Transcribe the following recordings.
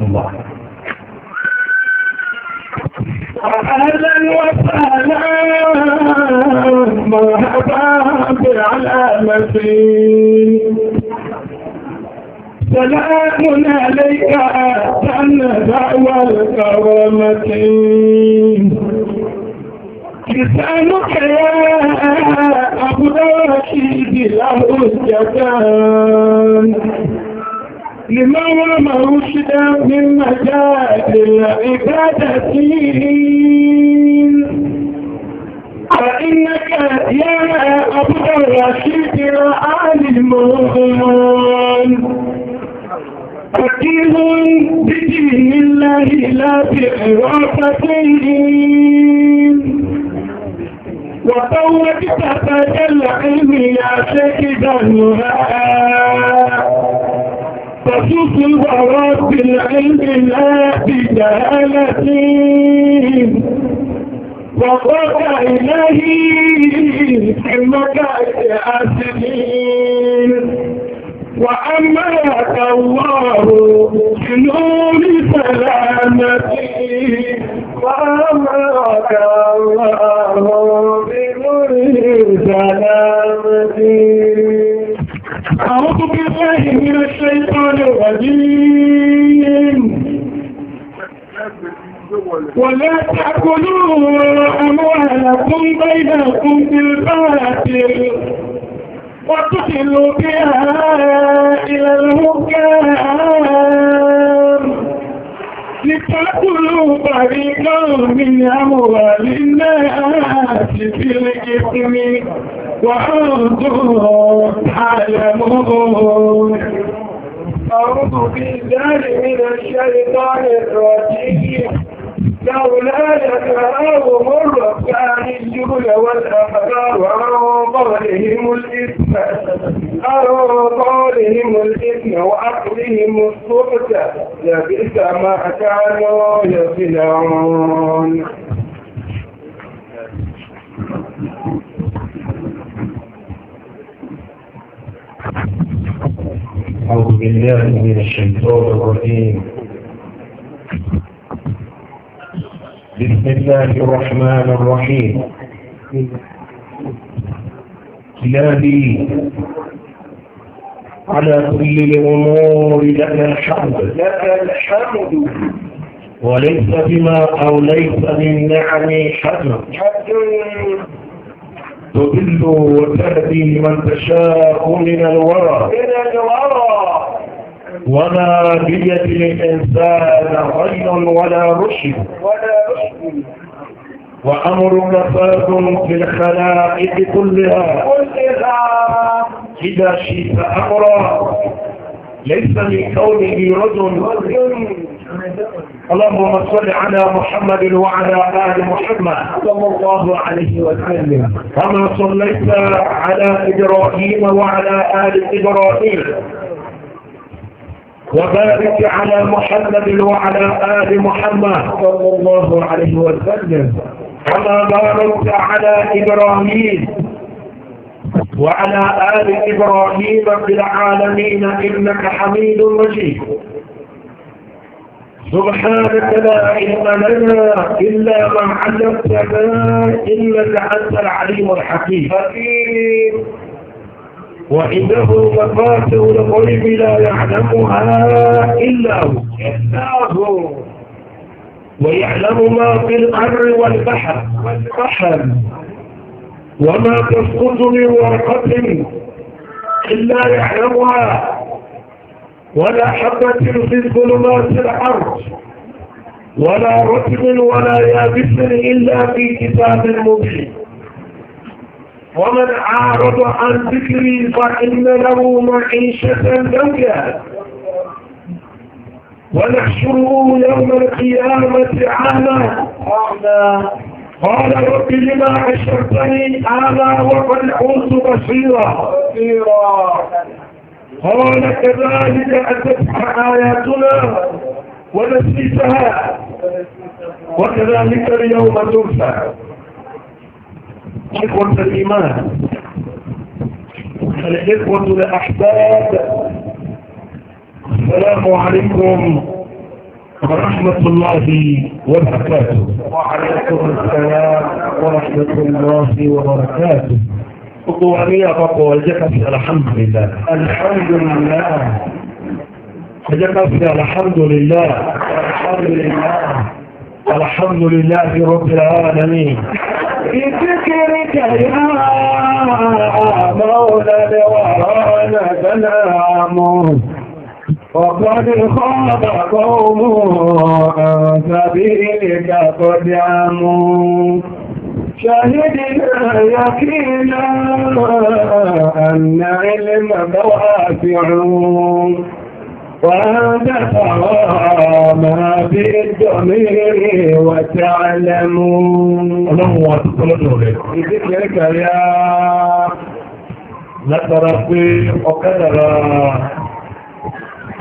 الله أهلا وسهلا مرحبا بالعلامتين سلام عليك سنة والكرامة لسانك يا أبو رشيد له الجبان لمولى مرشدا من مجال العبادتين فإنك يا أبو الرشيد وعالم فقيه بدين الله لا بخرافته وطوت تحت العلم يا شيخ ذنبها فشوف الغراب العلم لا بجهالة وقضى إليه حمك أسنين واما الله بنور سلامتي واما الله بنور سلامتي أعوذ بالله من الشيطان الرجيم ولا تأكلوا أموالكم بينكم بالباطل وتدلوا بها إلى الهكام لتأكلوا فريقا من أموال الناس بالإثم وأنتم تعلمون أعوذ بالله من الشيطان الرجيم لولا جاءهم الربانيون والأحبار عن قولهم الإثم عن قولهم الإثم وأكلهم السحت لبئس ما كانوا يصنعون أعوذ بالله من الشيطان الرجيم بسم الله الرحمن الرحيم كلابي على كل الأمور لك الحمد لك الحمد وليس بما أو ليس من نعم حد تضل وتهدي من تشاء من الورى من الورى وما بيد الإنسان خير ولا رشد وأمر نفاذ في الخلائق كلها إذا شئت أمرا ليس من كونه رجل اللهم صل على محمد وعلى آل محمد صلى الله عليه وسلم كما صليت على إبراهيم وعلى آل إبراهيم وبارك على محمد وعلى آل محمد صلى الله عليه وسلم كما باركت على إبراهيم وعلى آل إبراهيم في العالمين إنك حميد مجيد سبحانك لا علم لنا إلا ما علمتنا إنك أنت العليم الحكيم وعنده مفاتح الغيب لا يعلمها إلا هو الله ويعلم ما في الأر والبحر والبحر وما تسقط من ورقة إلا يعلمها ولا حبة في ظلمات الأرض ولا رتب ولا يابس إلا في كتاب مبين ومن أعرض عن ذكري فإن له معيشة دوكا ونحشره يوم القيامة أعمى قال رب لما حشرتني أعلى وقد كنت بصيرا قال كذلك أتتك آياتنا ونسيتها وكذلك اليوم ترسل إخوة الإيمان الإخوة الأحباب السلام عليكم ورحمة الله وبركاته وعليكم السلام ورحمة الله وبركاته قطوانية قطوة الجكس الحمد لله الحمد لله الجكس الحمد لله الحمد لله الحمد لله رب العالمين بذكرك يا مولى الورانا سلام وقد خاب قوم عن سبيلك قد شهدنا يقينا أن علم بواسع وَأَنْتَ مَا فِي الضَّمِيرِ وَتَعْلَمُونَ Ọlọ́run wa tó kọ́lọ́dọ̀ rẹ̀. Ìdíkẹ́ kàríà látara pé ọkádàrà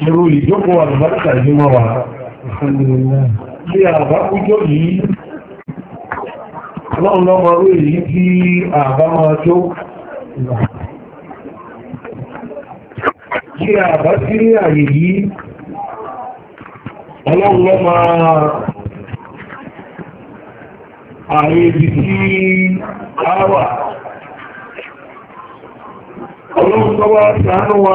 irú ìjókòó àlùbáríkà ìjímọ̀ yìí, Ọlọ́run lọ́mọ orí èyí tí àbá máa tó tí a bá sí ní àyè yìí ọlọ́run lọ máa àyè ibi tí a wà ọlọ́run tọ́wọ́ sàánú wa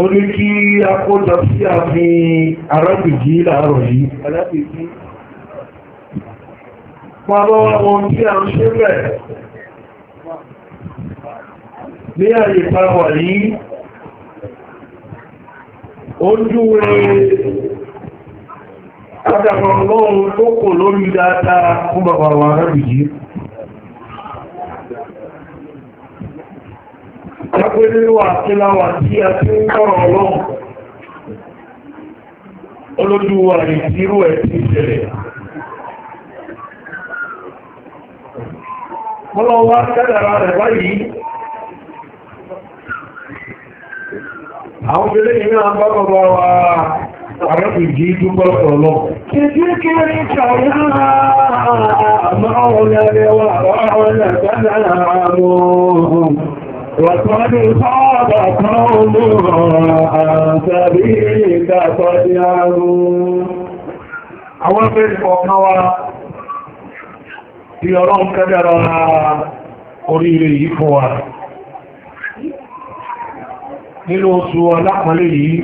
ó ní kí a kó lọ sí àfin arábìjì láàárọ̀ yìí arábìjì pàbọ́ àwọn tí a ń ṣe bẹ̀rẹ̀ ní àyè pàwà yìí ojúwe adàmọ̀ tó kò lórí dáadáa fún bàbá wa rábìyí Ẹgbẹ́ nínú àtíláwà tí a ti ń kọ́rọ̀ ẹ̀ ti ṣẹlẹ̀. Mọ́lọ́wọ́ kẹ́dàrà rẹ̀ báyìí, àwọn obìnrin yìí náà bá bàbá wa arábìnrin yìí dúpẹ́ ọ̀lọ́ kìdíkìrí kàrí náà àmọ́ lẹ́rẹ̀wà àwọn ẹ̀sẹ̀ àmọ́ وَقَدْ خَابَ قَوْمٌ سَبِيلَ فَضِيَعُوا Àwọn fẹ́rẹ̀ ọ̀nà wa tí ọlọ́run kẹ́dẹ̀rọ oríire yìí fún wa. nínú oṣù ọlápọ̀lẹ̀ yìí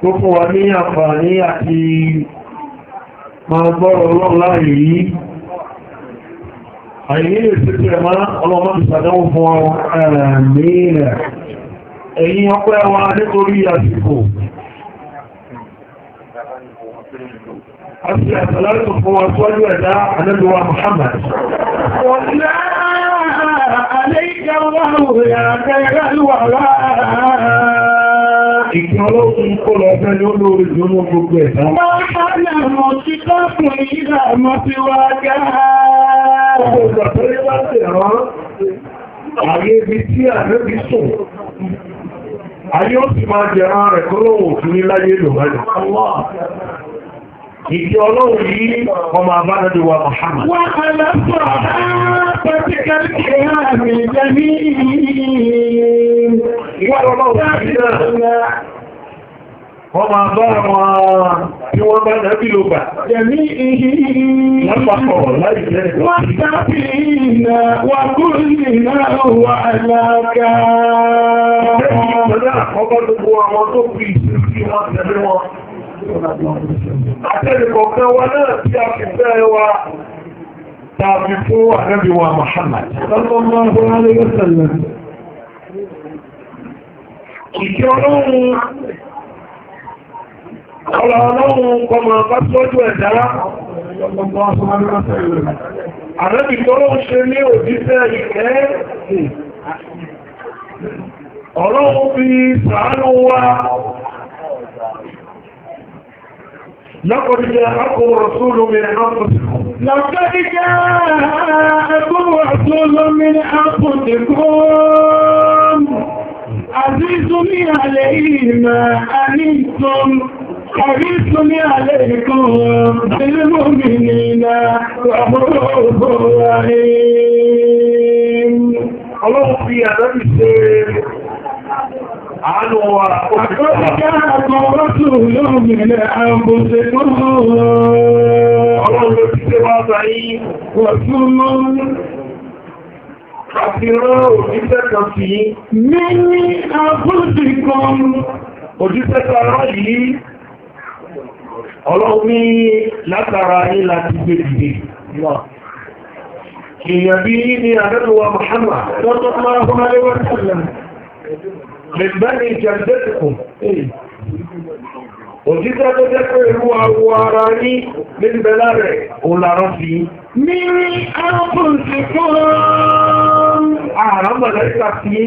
tó fún wa ní àǹfààní àti máa gbọ́rọ̀ ọlọ́run láàrin yìí àìní ìsìnkú rẹ̀ máa ọlọ́run ìsàdánwò fún ẹ̀rẹ̀mìírẹ̀ ẹ̀yìn ọpẹ́ wa nítorí àsìkò Àti àtàlárùn fún wa sọ́jú ẹ̀dá Ànábì Muhammad. الله يا خير الوراء Ìkún ọlọ́run kó lọ fẹ́ ní olóorí jù ní gbogbo sùn, ayé ó sì máa jẹ̀rán rẹ̀ kọ́lọ́wọ̀ òfin láyé lò Ìjọ ọlọ́run yìí ọmọ àbádọ́dé wa Muhammad. Wà aláfọ́ àpẹẹkẹ́kẹ́ àmì ìjẹmí ìwọ̀n ọlọ́run yìí náà. Ọmọ àbá wọn tí wọ́n bá nẹ́bí ló bà. Jẹ̀mí ìhìhìhì. Àtẹ́lẹ̀kọ̀ọ̀kan wa náà tí a fi fẹ́ wa tàbí fún àrẹ́bí wa Muhammad. Ìkẹ́ ọlọ́run Ọlọ ọlọ́run kọmọ bá tọ́jú ẹ̀dára. Àrẹ́bì tọ́lọ́run ṣe ní òjíṣẹ́ ìkẹ́. Ọlọ́run fi ṣàánú wa لقد جاءكم رسول من أنفسكم لقد جاءكم رسول من أنفسكم عزيز عليه ما أنتم حريص عليكم بالمؤمنين رحمه رحيم الله في هذا àánú wa ó fi kọ́ àti rán òjíṣẹ́ kan sí ní ní àbúrúdì kan òjíṣẹ́ kan rán yìí ọlọ́run ní látara ní láti gbé dìde èèyàn bí ní àdẹ́lùwà Muhammad lọ́tọ́ máa fún alẹ́wọ́ mẹ́gbẹ́ni ìjẹ̀dẹ́kùn òjíṣẹ́ tó jẹ́ pé irú awọ ara rí nígbẹ̀lá rẹ̀ òlàrán fi ní àpùsì fún àràmọ̀lẹ́gbà fi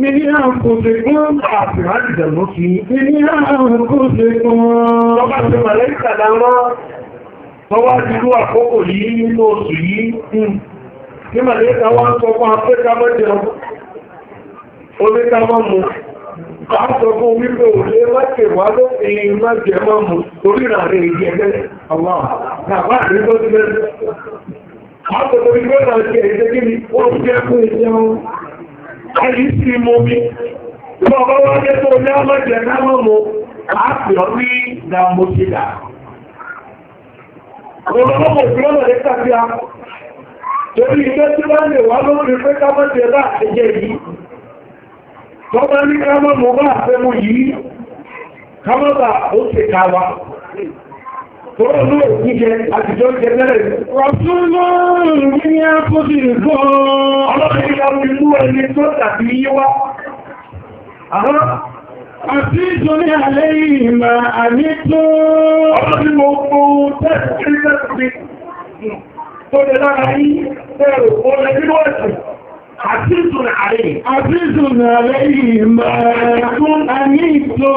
ní àpùsì fún àpìrádìdẹ̀mú fi ní àpùsì fún ọba tí mọ̀lẹ́gbà dáná tọwá dìrú àkókò yìí nínú oṣù yìí ní hmm. mọ̀lẹ́gbà wá oníkàmọ́ mu àásọ̀gbọ́n wípé òlé mọ́kẹ̀ wá ló fi mọ́kẹ̀ mọ́ mu torí ìrànlẹ̀ ìgbẹ̀gbẹ̀ àwọn àbá àdúgbò ti lẹ́nu àásọ̀gbọ́n wípé náà ṣe ẹ̀ṣẹ́ kí ni ó jẹ́ fún ìjẹun ayé sí mú mi lọ bá wá jẹ́ tó ní ọlọ́jẹ̀ náà mú àápì ọ ní dàmóṣìlá Olọ́lọ́pọ̀ ìfìlọ́nà lè torí ìgbẹ́ tí wá lè tó bá ní kámọ́ mọ́ bá àfẹ́mọ́ yìí kámọ́ bá ó ṣe káwa tó ló jíjẹ àtijọ́ jẹ lẹ́rẹ̀ rọ̀túnlọ́rùn ní àkójì nǹkan ọlọ́rin ìyàwó ìlú ẹni tó tàbí yíwá àti ìjọni alẹ́ ìmà àmì tó ọlọ́rin mo kó tẹ́sí Àtíṣùn àrẹ́ Àtíṣùn àrẹ́ ìmọ̀ ẹ̀kún àmì ìtò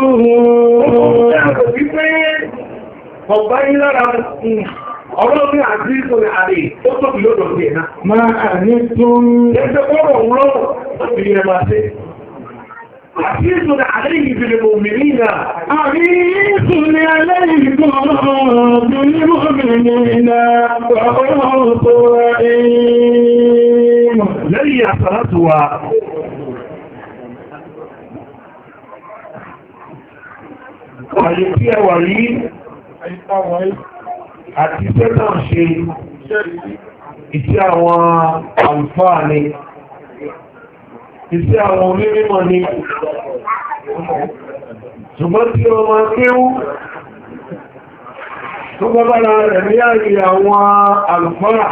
Ọlọ́run àti ìtòrò àrẹ ó tó bí lọ́dọ̀ sí ẹ̀nà. Máa ní tún ẹgbẹ́ ọ̀rọ̀ ọ̀rọ̀ obìnrin ẹmà sí. Àti ìtòrò àrẹ ìbìnrin mòmìnì náà. Àrí ìtòrò àrẹ ìbìnrin mòmìnì náà lẹ́yìn àsàlátù wa àyè tí ẹ wà rí àti sẹ́tà ṣe iṣẹ́ àwọn àlùfáà ni iṣẹ́ àwọn onímọ̀ ni ṣùgbọ́n tí ọmọ kéwú tó gbọ́gbára rẹ̀ ní àwọn àlùfáà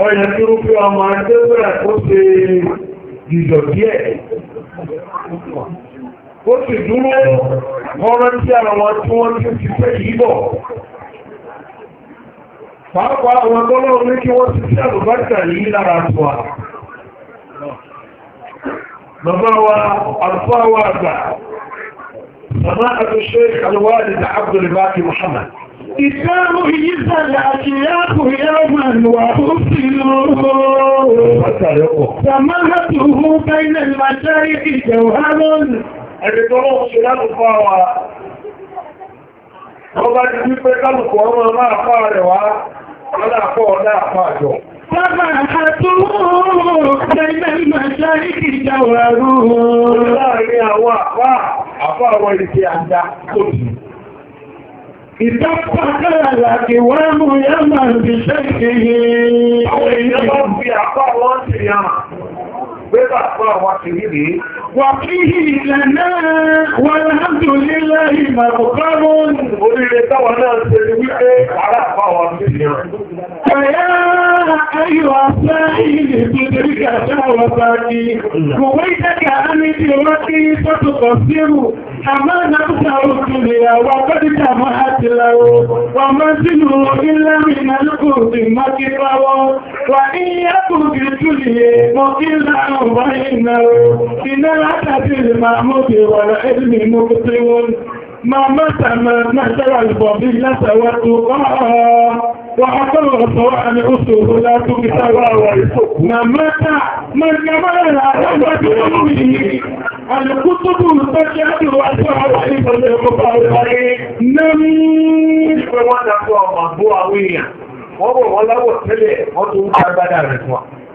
ọ̀yẹ̀ tí ó pé ọmọ ẹgbẹ́gbẹ́ kó ṣe ìjọ díẹ̀ ó sì dúró ọ̀rọ̀ tí àwọn wọn tí wọ́n tí ó ti fẹ́ yìí bọ̀ pàápàá àwọn tọ́lọ́run ní kí wọ́n ti tí àlùbáríkà yìí lára àtúwà bàbá wa àlùfáà wa àgbà sàmá àtúnṣe àlùwádìí Muhammad Ìkáàrù ìyíṣàlẹ̀ àṣìyàkù yẹ́wọ̀n wà ó sí lóòrò. Tàmáhàtù hú bẹ́ẹ̀lẹ̀ màjáyé ìjẹ̀wárún. Ẹgbẹ̀ tó lọ́wọ́ ṣe láti fà wà. Ọba ti wípé kálùkù ọmọ máa fà rẹ̀ wá, ọlá àpọ̀ ọlá àpọ̀ àjọ. Tàmáhàtù hú bẹ́ẹ̀lẹ̀ màjáyé ìjẹ̀wárún. Láàrin àwọn àpá, àpá àwọn ìrìkì àjá kò Ìtàpàkára làkì wá mú yá máa ń bí ṣẹ́ pé bàbá wa ti rí rí wà fí ìlànà wà láàrínlélẹ́ ìmọ̀kọ̀kọ́rún oríire táwà náà ṣe ní wípé ara àpá wa ti rí rẹ̀ ẹ̀yà ayọ̀ afẹ́ ìlú ìgbẹ̀rẹ̀ àtàwọn bá ní kò wé ìtẹ́kà á ní ti rántí sọ́tọ̀kọ̀ sírù àmọ́ nàbùsà òkú lè àwọn akọ́dítà máa àti lọ́wọ́ فإنه إن العتب المعمود والعلم مبطل ما مات ما نهجر البابلة والتقاء وحصل سواء الأسر لا تتواوي ما مات من كمال العتب بأمه الكتب المتجهة والسعر عند القبائل نمي Wọ́n bọ̀ wọ́n láwọ̀ tẹ́lẹ̀ wọ́n tó ń ká gbádà rẹ̀ fún wa.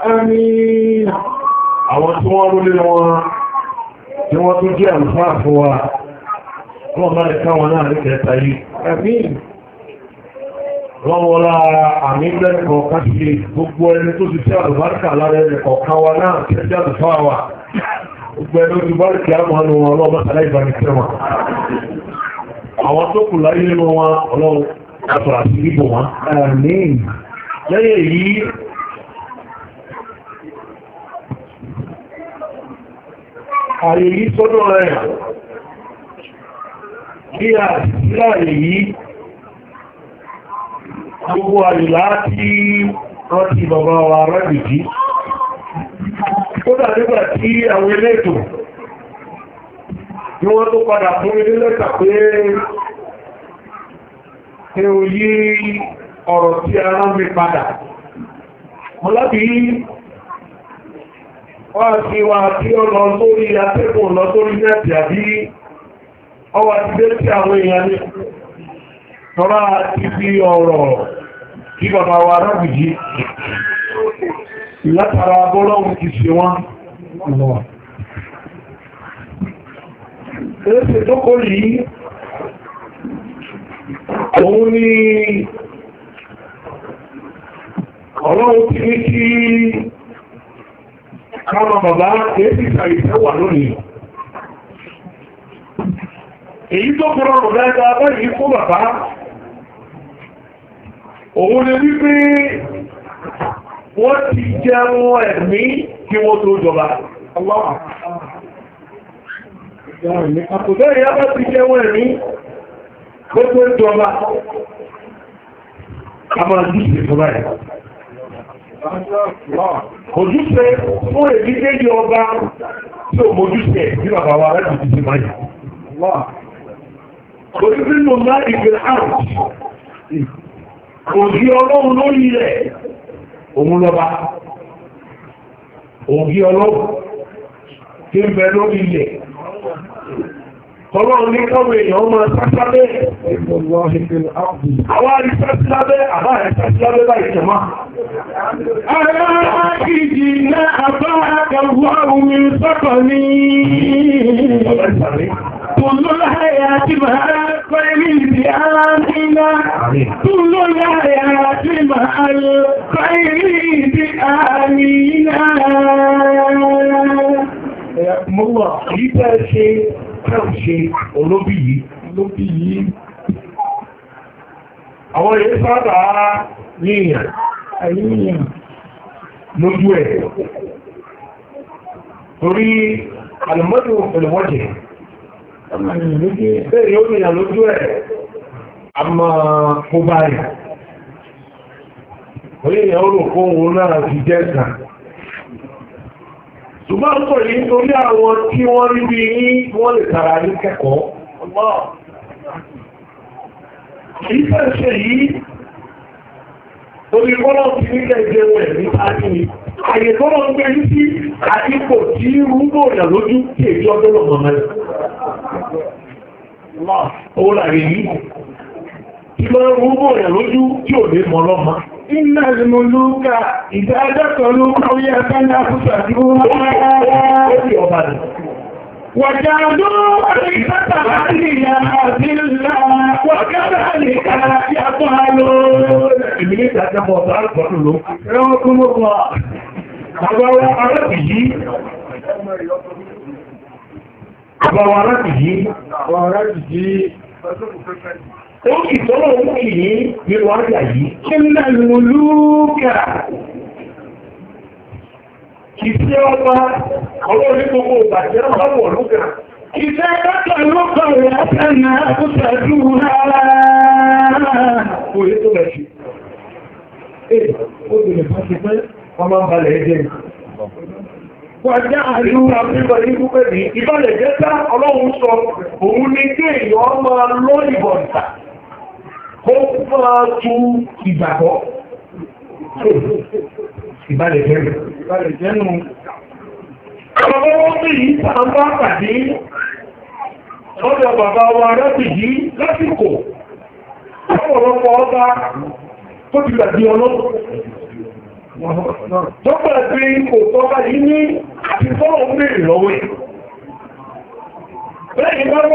a àwọn tí wọ́n rú wọn tí wọ́n tún jẹ́ àlùfáà fún wa wọ́n máa ká wọn náà ní kẹta yìí àmín àmì gbogbo ẹni tó ti tí àlùbáríkà lára náà àlùfáà gbogbo ẹni tó báríkà àmọ́nù wọn ọlọ́ọ̀bá ya ààyè yìí tọ́dọ̀ rẹ̀ bí a síláàyè yìí gbogbo àyìlá tí wọ́n ti bàbá wa rábìdí kódà nígbà tí àwọn elétò ní wọ́n tó padà fún ilé lẹ́ta pé ẹ òyí ọ̀rọ̀ tí a rán mi padà mọ́lábìí wọ́n ti wá tí ó lọ sórí atẹ́kùn lọ sórí nẹ́ẹ̀tì àbí ọwà ti dé tí àwọn èèyàn ní ti fi ọ̀rọ̀ kí bàbá wa rábùjí látara bọ́lọ́wù ti ṣe wọ́n ẹ̀ẹ́sẹ̀ tó kó ni ọlọ́run ti káwọn bàbá èébì ìsàrí ìtẹ́wà lónìí èyí tó kúrò rọ̀ dáadáa báyìí fún bàbá òun lè rí pé wọ́n ti jẹun ẹ̀mí kí wọ́n tó jọba àkùsẹ́ ìyá bá ti jẹun ẹ̀mí kó tó jọba a máa dùn sí ìjọba ẹ̀ Ojúṣe fún èdí déjì ọba tí ó mojúṣe ní bàbá wa rẹ̀ ti ti máyì. Ojúṣe nù má ìgbèrè àrùn. Ògì ọlọ́run lórí rẹ̀, òun lọ́ba. Ògì ọlọ́run tí ń bẹ lórí rẹ̀. Ọlọ́run ní kọ́wọ́ èèyàn máa sáṣábẹ́ àwọn àrísáṣábẹ́ àbá àrísáṣábẹ́ báyìí jẹ máa. Ará ìjì náà àbá àkàwọ́ omi sọ́kọ̀ ní Tùlú láyé àti máa kọ́ ilé ìdí àmìnà. Tùlú láyé àti máa kọ́ ilé ìdí àmìnà. Mọ́wàá, yí tẹ́ ṣe tẹ́ ò ṣe olóbì yìí olóbì yìí àwọn èyí sábà yíyàn àyíyàn lójú ẹ̀ torí alùmọ́dù ìlúwọ́jẹ̀ bẹ́ẹ̀ yóò yíyàn lójú ẹ̀ a máa kó báyìí orí ìyàwó lò kó òun náà ti jẹ́ ìsàn ṣùgbọ́n kò ní torí àwọn tí wọ́n rí bí i wọ́n lè tara ní kẹ́kọ̀ọ́ ìfẹ́ṣẹ́ yìí orí kọ́lọ̀ ti nílẹ̀ ìjẹun ẹ̀mí tàbí àyè kọ́lọ̀ ń gbẹ́rí sí àdípò tí rúgbò ìyà lójú tí èdè ọdún iná ìmọ̀lúkà ìdájọ́tọ̀lú kọ̀wé ẹgbẹ́ni àkúsà tí ó wàjàdó àríkàtà láti ìyà àti ìlà wàkàtà àríkà yàtọ̀ àlò ìbílẹ̀ ìdájọ́bọ̀ ọ̀tọ̀ àrùkọ̀tù ó sì tọ́lọ̀ ó sì ní nínú àjà yìí kí ń lẹ́nu olúkà kì sí ọba ọlọ́rí gbogbo ìbàjẹ́ ọlọ́wọ̀ olúkà kì sí ẹgbẹ́ta olókà rẹ̀ ẹ́sẹ̀nà àkúsàdú rárá kò yé tó rẹ̀ sí Ee, ó dìlẹ̀ fún ti Wàjá àríwú àfíbà ní gúgbẹ̀ ní ìbálẹ̀ jẹ́ta ọlọ́run sọ òun ní kí èèyàn máa lọ ìbọ̀ǹta ó fún ọ ju ìgbàgbọ́ ìbálẹ̀ jẹ́nu ìbálẹ̀ jẹ́nu ọmọ wọn bí i sàmbá pàdé lọ́dọ̀ bàbá wa rẹ́bì yìí lásìkò ọ̀pọ̀lọpọ̀ ọba tó ti gbàgbé ọlọ́pọ̀ tó gbàgbé kò tọ́ba yìí ní àti fọ́lọ̀ ń bèèrè lọ́wọ́ Lẹ́yìn bá ń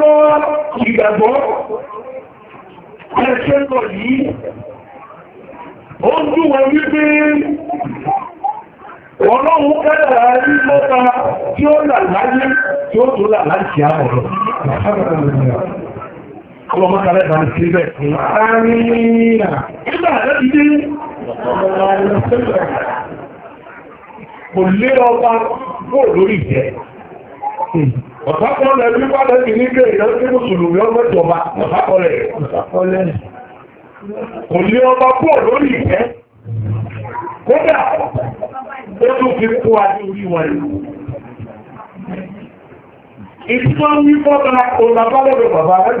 lọ ìgbàgbọ́ ẹ̀ṣẹ́ lọ yìí ó ń jú wọn wípé ọlọ́run kẹ́lẹ̀ rí lọ́ta tí ó là láyé tí ó tó là láti kò lé ọba lórí Ọ̀sákọ́lẹ̀ bí wá lẹ́bí ní ilé ìyọ́ tí Mùsùlùmí ọmọ ìjọba ọ̀sákọ́lẹ̀ rẹ̀. Kò pọ̀ lórí ìfẹ́. Kódà, ó tún fi kó adé orí wọn ń olàbálọ́dọ̀ bàbá ń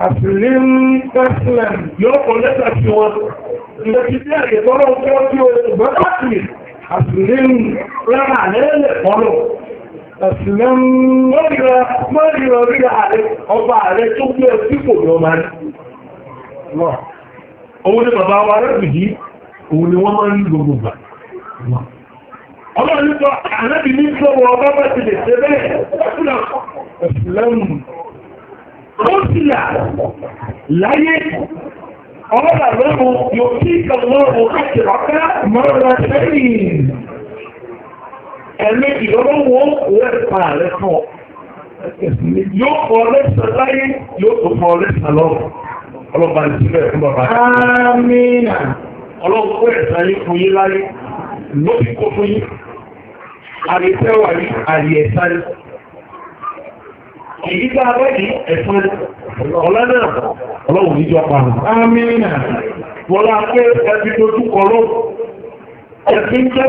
tẹ́sílẹ̀ yóò lẹ́sà sí wọn. Ìrètí ẹ̀rẹ̀ tọ́lọ́ sí ẹ̀sìnlẹ́m mọ́rìnà rí ọba ààrẹ òun ni wọ́n máa ń gbogbo gbà ọmọ nípa àrẹ́bì ní sọ́wọ́ ọba bá lè ṣe bẹ́ẹ̀ ẹ̀sìnlẹ́m láyé ọlọ́dà lọ́rùn yóò kí ìkàlọ́rùn láti rọ́ká mọ́rìnà ẹ̀mí ìlọ́lọ́wọ́ rẹ̀ rẹ̀ fún yóò fọ́ fún bàbá àmìnà ọlọ́pọ̀ ẹ̀sáyé yí láyé ló fi yí àrẹ́sẹ́wà ní ọlọ́wùn níjọ parùn àmìnà wọ́lá pé ẹbí tó túkọ̀ lọ́wọ́ ẹbí jẹ́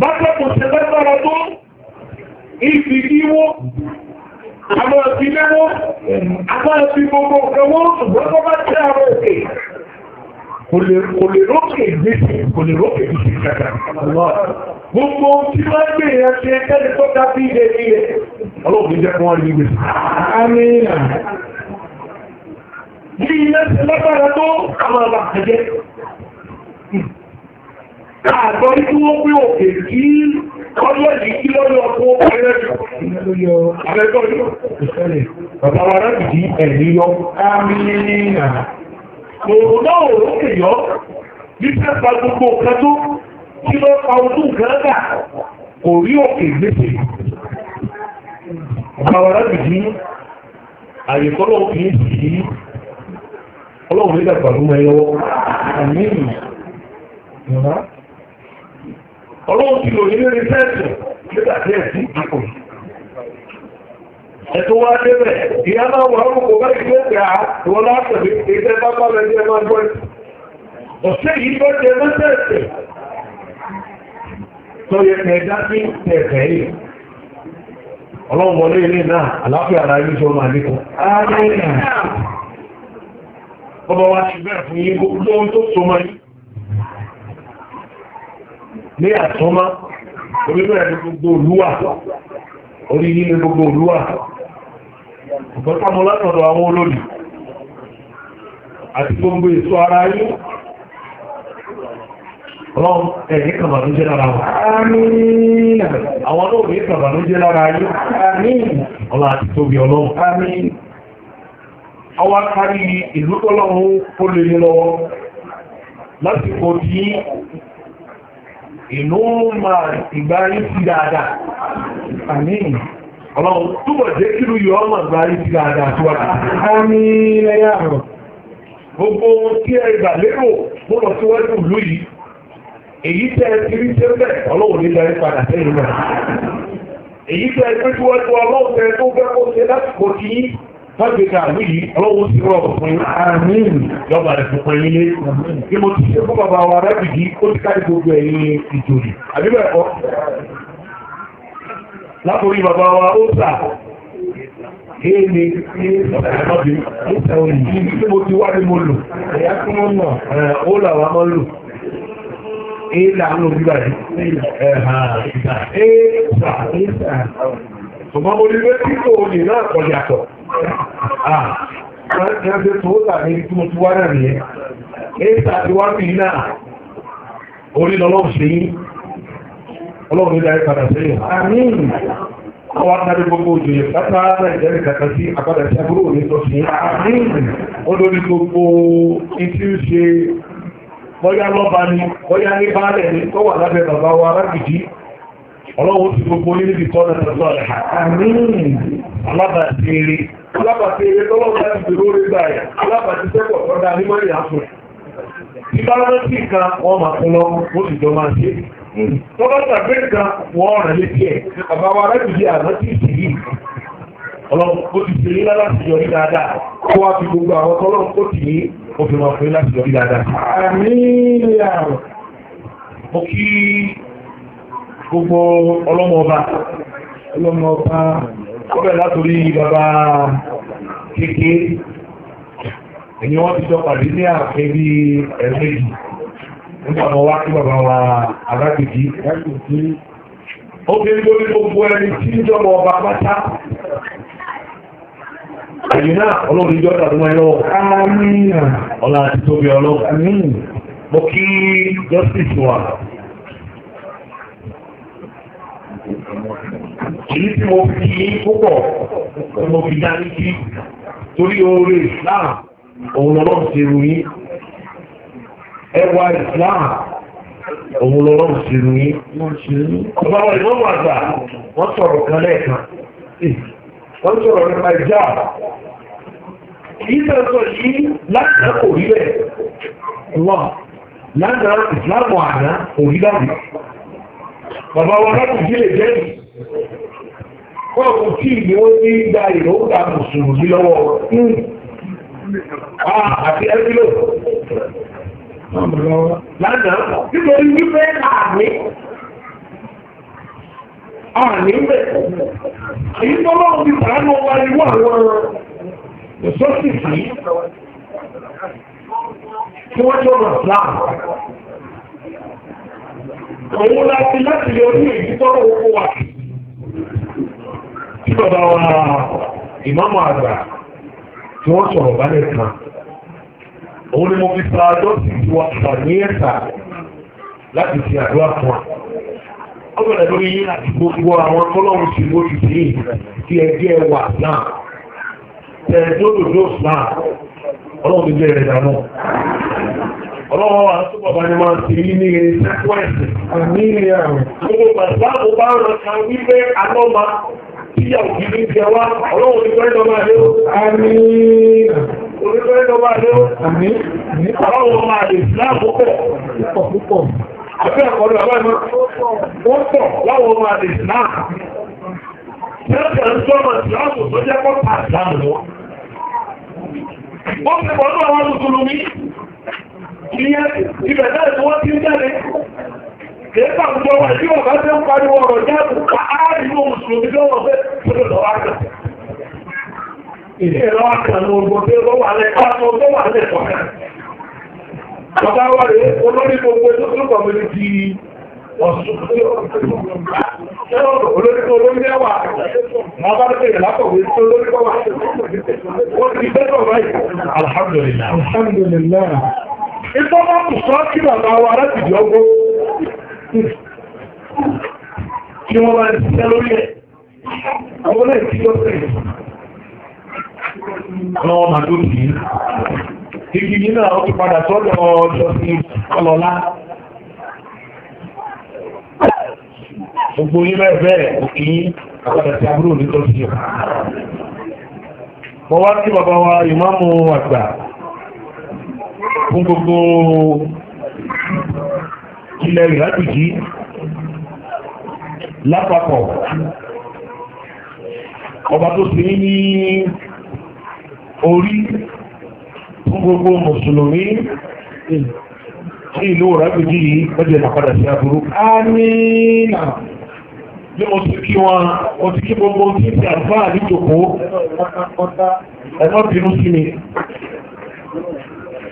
bákan kò ṣe lágbára tó ìfìdíwó àwọn ìfìdíwó àwọn ìfì gbogbo ọ̀gẹ̀wó ṣùgbọ́n tó bá jẹ́ àwọn òkè kò lè rókè gbèsè kò lè rókè gbèsè kàkà gbogbo tí wọ́n gbé ìyẹn ṣe kẹ́lẹ̀ tó ká bí ilé ilé ọlọ́pìn jẹ́ fún ọdún gbèsè àmìnà bí ilé tó àwọn Àgbọ́ ikú wọ́n pé òkè kí ọjọ́ yìí kí lọ́yọ̀ ọkọ̀ ọ̀rẹ́ jù. Àrẹ́gbọ́ yóò. Bàbá wa rájì jí ẹ̀rí yọ. Àmìnà. Òòrùn náà òòrùn kè yọ. Bí fẹ́ pa gbogbo nǹkan tó kí lọ pa ojú nǹkan gà. Kò rí òkè gbèsè. Bàbá wa rájì jí àyè kọ́lọ̀ kì í sí ọlọ́run nígbà pàdúmọ̀ ẹyọ. Àmìnà ọlọ́run ti lò nílé rí fẹ́ẹ̀sì nígbà tí ẹ̀ sí ìdíkò ẹ̀tọ́ wá débẹ̀ ìyá náà wà ó kò bá ìgbé ẹ̀sẹ̀ à wọ́n látẹ̀lé ẹgbẹ́ bá bá bẹ̀rẹ̀ máa gbọ́ ẹ̀sẹ̀ ọ̀sẹ̀ yìí bọ́ jẹ mẹ́sẹ̀ẹ̀sẹ̀ tó yẹ kẹ̀ẹ́dá sí ẹ̀fẹ̀ yìí ọlọ́run wọlé ilé náà àláfíà ara ilé ṣọ́ máa nípa ọba wa ti bẹ̀rẹ̀ fún yín gbogbo ohun yìí ní àtọ́má orílẹ̀ ẹni gbogbo olúwà orí yílé gbogbo olúwà ọ̀pọ̀tàmọ́ látọ̀dọ̀ àwọn olóòdì àti gbogbo èso ara yí ọlọ́run ẹ̀yìn kàbànújẹ́ lára wọn àwọn ọwá kárí ìlú lè lásìkò tí ìlú ma ìgbárí sí dáadáa àmín ọlọ́run túbọ̀ jẹ́ kírú yọ ọmọ ìgbárí sí dáadáa tó wà àmín ẹyà rọ̀ gbogbo ohun tí ẹ gbà lérò mo lọ síwájú ìlú yìí èyí tẹ́ ẹ ti rí tẹ́lẹ̀ ọlọ́run ní darí padà sẹ́yìn náà èyí tẹ́ ẹ pé síwájú ọlọ́run tẹ́ tó fẹ́ kó ṣe lásìkò tí tọ́jú ká àmì yìí ọlọ́wọ́ sí rọ̀ fún àmín lọ́ba rẹ̀ fún pẹ̀lú ilé tí mo ti ṣe fún bàbá wa rábìdì ó ti kárí gbogbo ẹ̀yìn ìjòyè àbíbẹ̀ ẹ̀kọ́ látòrí bàbá wa ó sà kéèlé ọ̀dàmọ́bìnrin tí mo ti wá ní mo lò ẹ̀yà tí wọ́n mọ̀ ó làwà mọ́ lò éèlà ń lò bíbà yìí ẹ̀hàn ìgbà éèlà ṣùgbọ́n mo ní pé kíkò òní náà kọjá tọ̀ ẹgbẹ́ ah, tó wọ́n tàbí tí mo ti wá rẹ̀ rí ẹ́ ẹ́ta ti wá rí náà orí lọ́lọ́run ṣe ọlọ́run ní padà sí gbogbo pátá sí àpadà sí sí gbogbo ìtí ń ṣe bọ́yá lọ́ba ni bọ́yá ní bá ọlọ́run ti gbogbo ní níbi kọ́ náà lọ́wọ́ rẹ̀ àmín alábàtìrì alábàtìrì tọ́lọ́wọ́ láti fi lórí báyà alábàtì tẹ́kọ̀ tọ́dá ní mọ́rin àfún ẹ̀ tí bá rán sí nǹkan wọ́n máa fún lọ ó sì jọ máa ṣe tó bá tàbí nǹkan wọ́n rẹ̀ létí ẹ̀ bàbá wa rẹ̀ bìí àná tí ì yìí ọlọ́run ó ti ṣe nílá láti yọrí dáadáa kó wá fi gbogbo àwọn tọ́lọ́run ó ti ní ó fi láti yọrí dáadáa. àmín gbogbo ọlọ́mọba ọlọ́mọba ọbẹ̀ látorí bàbá kéèké ẹni wọ́n ti jọ pàdé ní àfẹ́ bí ẹ̀mẹ́jì nígbà mọ́ wá kí bàbá wa arákejì ó ké lórí gbogbo ẹni tí ń jọmọ ọba pátá àyè náà ọlọ́run ìjọ ìdàdúmọ̀ ẹ̀lọ́ ọlá àti tóbi ọlọ́run mo kí justice wa èyí tí mo fi púpọ̀ mo fi dá ní kí torí oore islam òun lọ́rọ̀ ṣe ẹwà islam òun lọ́rọ̀ ṣe ròyìn ọba wọn ìwọ́n àgbà wọ́n sọ̀rọ̀ kan lẹ́ẹ̀kan wọ́n sọ̀rọ̀ nípa ìjà sọ yìí láti kò rí bẹ́ẹ̀ àná Kọ́ọ̀kù tí ìlú ó ní gba ìrògbà mùsùlùmí lọ́wọ́ hmm. ah, àti ẹ́bílò. Lánàá, nítorí wípé àmì, àmì ń bẹ̀. Èyí tó lọ́wọ́ ti sàánú wa irú àwọn ìsọ́sì sí tí wọ́n tó mọ̀ láàá. Òun láti láti lè orí èyí tọ́rọ owó wà sí tí bàbá wa ìmáàmù àgbà tí wọ́n sọ̀rọ̀ bálẹ̀ kan òun ni mo fi sa dọ́sì tí wọ́n sà ní ẹ̀sà láti fi àdúrà fún wa ó bẹ̀rẹ̀ lórí gbogbo àwọn tọ́lọ́run ti lórí sí ti ẹgbẹ́ wà náà tẹ̀ẹ́dọ́dọ̀dọ̀ náà ọlọ́run ti bẹ̀rẹ̀ dànù ọlọ́wọ́ wa túbọ̀ bá ní máa ti rí ní eré sẹ́kwẹ́sì àmì ìrìn àrùn gbogbo bàbá mo bá rán ka wípé alọ́mà tíyà òkìrí jẹ wá ọlọ́wọ́ ní fẹ́ẹ́ lọ́mà lé àmì onífẹ́ẹ́ lọ́mà lé àmì ọlọ́wọ́ máa lè sí láàpúpọ̀ púpọ̀ àbẹ́ ẹ̀kọ́ ló àbá wọ́n pọ̀ láwọn ọmọ àdè náà Tẹ́lẹ̀ ń sọ́mọ̀ ìsìláàmù tó jẹ́ pọ́ pàtàkì lọ. Wọ́n fi pọ̀ ní àwọn mùsùlùmí ìyẹn ibẹ̀ náà tí wọ́n ti ń jáde kẹ́ẹ̀kà gbogbo wà tí wọ́n bá tẹ́ ń pariwo ọ̀rọ̀ jáàbù ká ààrínú mùsùlùmí lọ́wọ́ fẹ́ tó lọ́wọ́ àgbà ìdí ẹ̀rọ àkànà ògbòdé lọ́wọ́ alẹ́ pàtàkì lọ́wọ́ alẹ́ pàtàkì Bàbá wà rẹ̀ olórí gbogbo tó tó kọ̀ mẹ́rin di ọ̀sùn tó olórí tó olórí mẹ́wàá. Wọ́n bá rẹ̀ lápọ̀wé tó olórí kọ́wàá. Wọ́n ti fẹ́ ìtọ́bá kù sọ́ kí bàbá wa láti di ọgbó kí wọ́n bá ti ṣẹ́ lórí ẹ̀ àwọn náà tí ó tẹ̀ lọ́wọ́ máa tó kìí igi yìí náà ó ti padà sọ́dọ̀ ọjọ́ sí ọlọ́lá gbogbo yín bẹ́ẹ̀ bẹ́ẹ̀ òkè yín àpàdà sí àbúrò nítọ́sí ọ̀ fún gbogbo ilẹ̀ ìrájìjí lápapọ̀ ọba tó sì ní orí fún gbogbo mùsùlùmí tí ìlú ìrájìjí yìí ọjọ́ ìpàdà sí àbúrú amínà ní mo ti kí wọn mo ti kí gbogbo tí ti àgbà àdíjòkó ẹ̀mọ́ bínú sí mi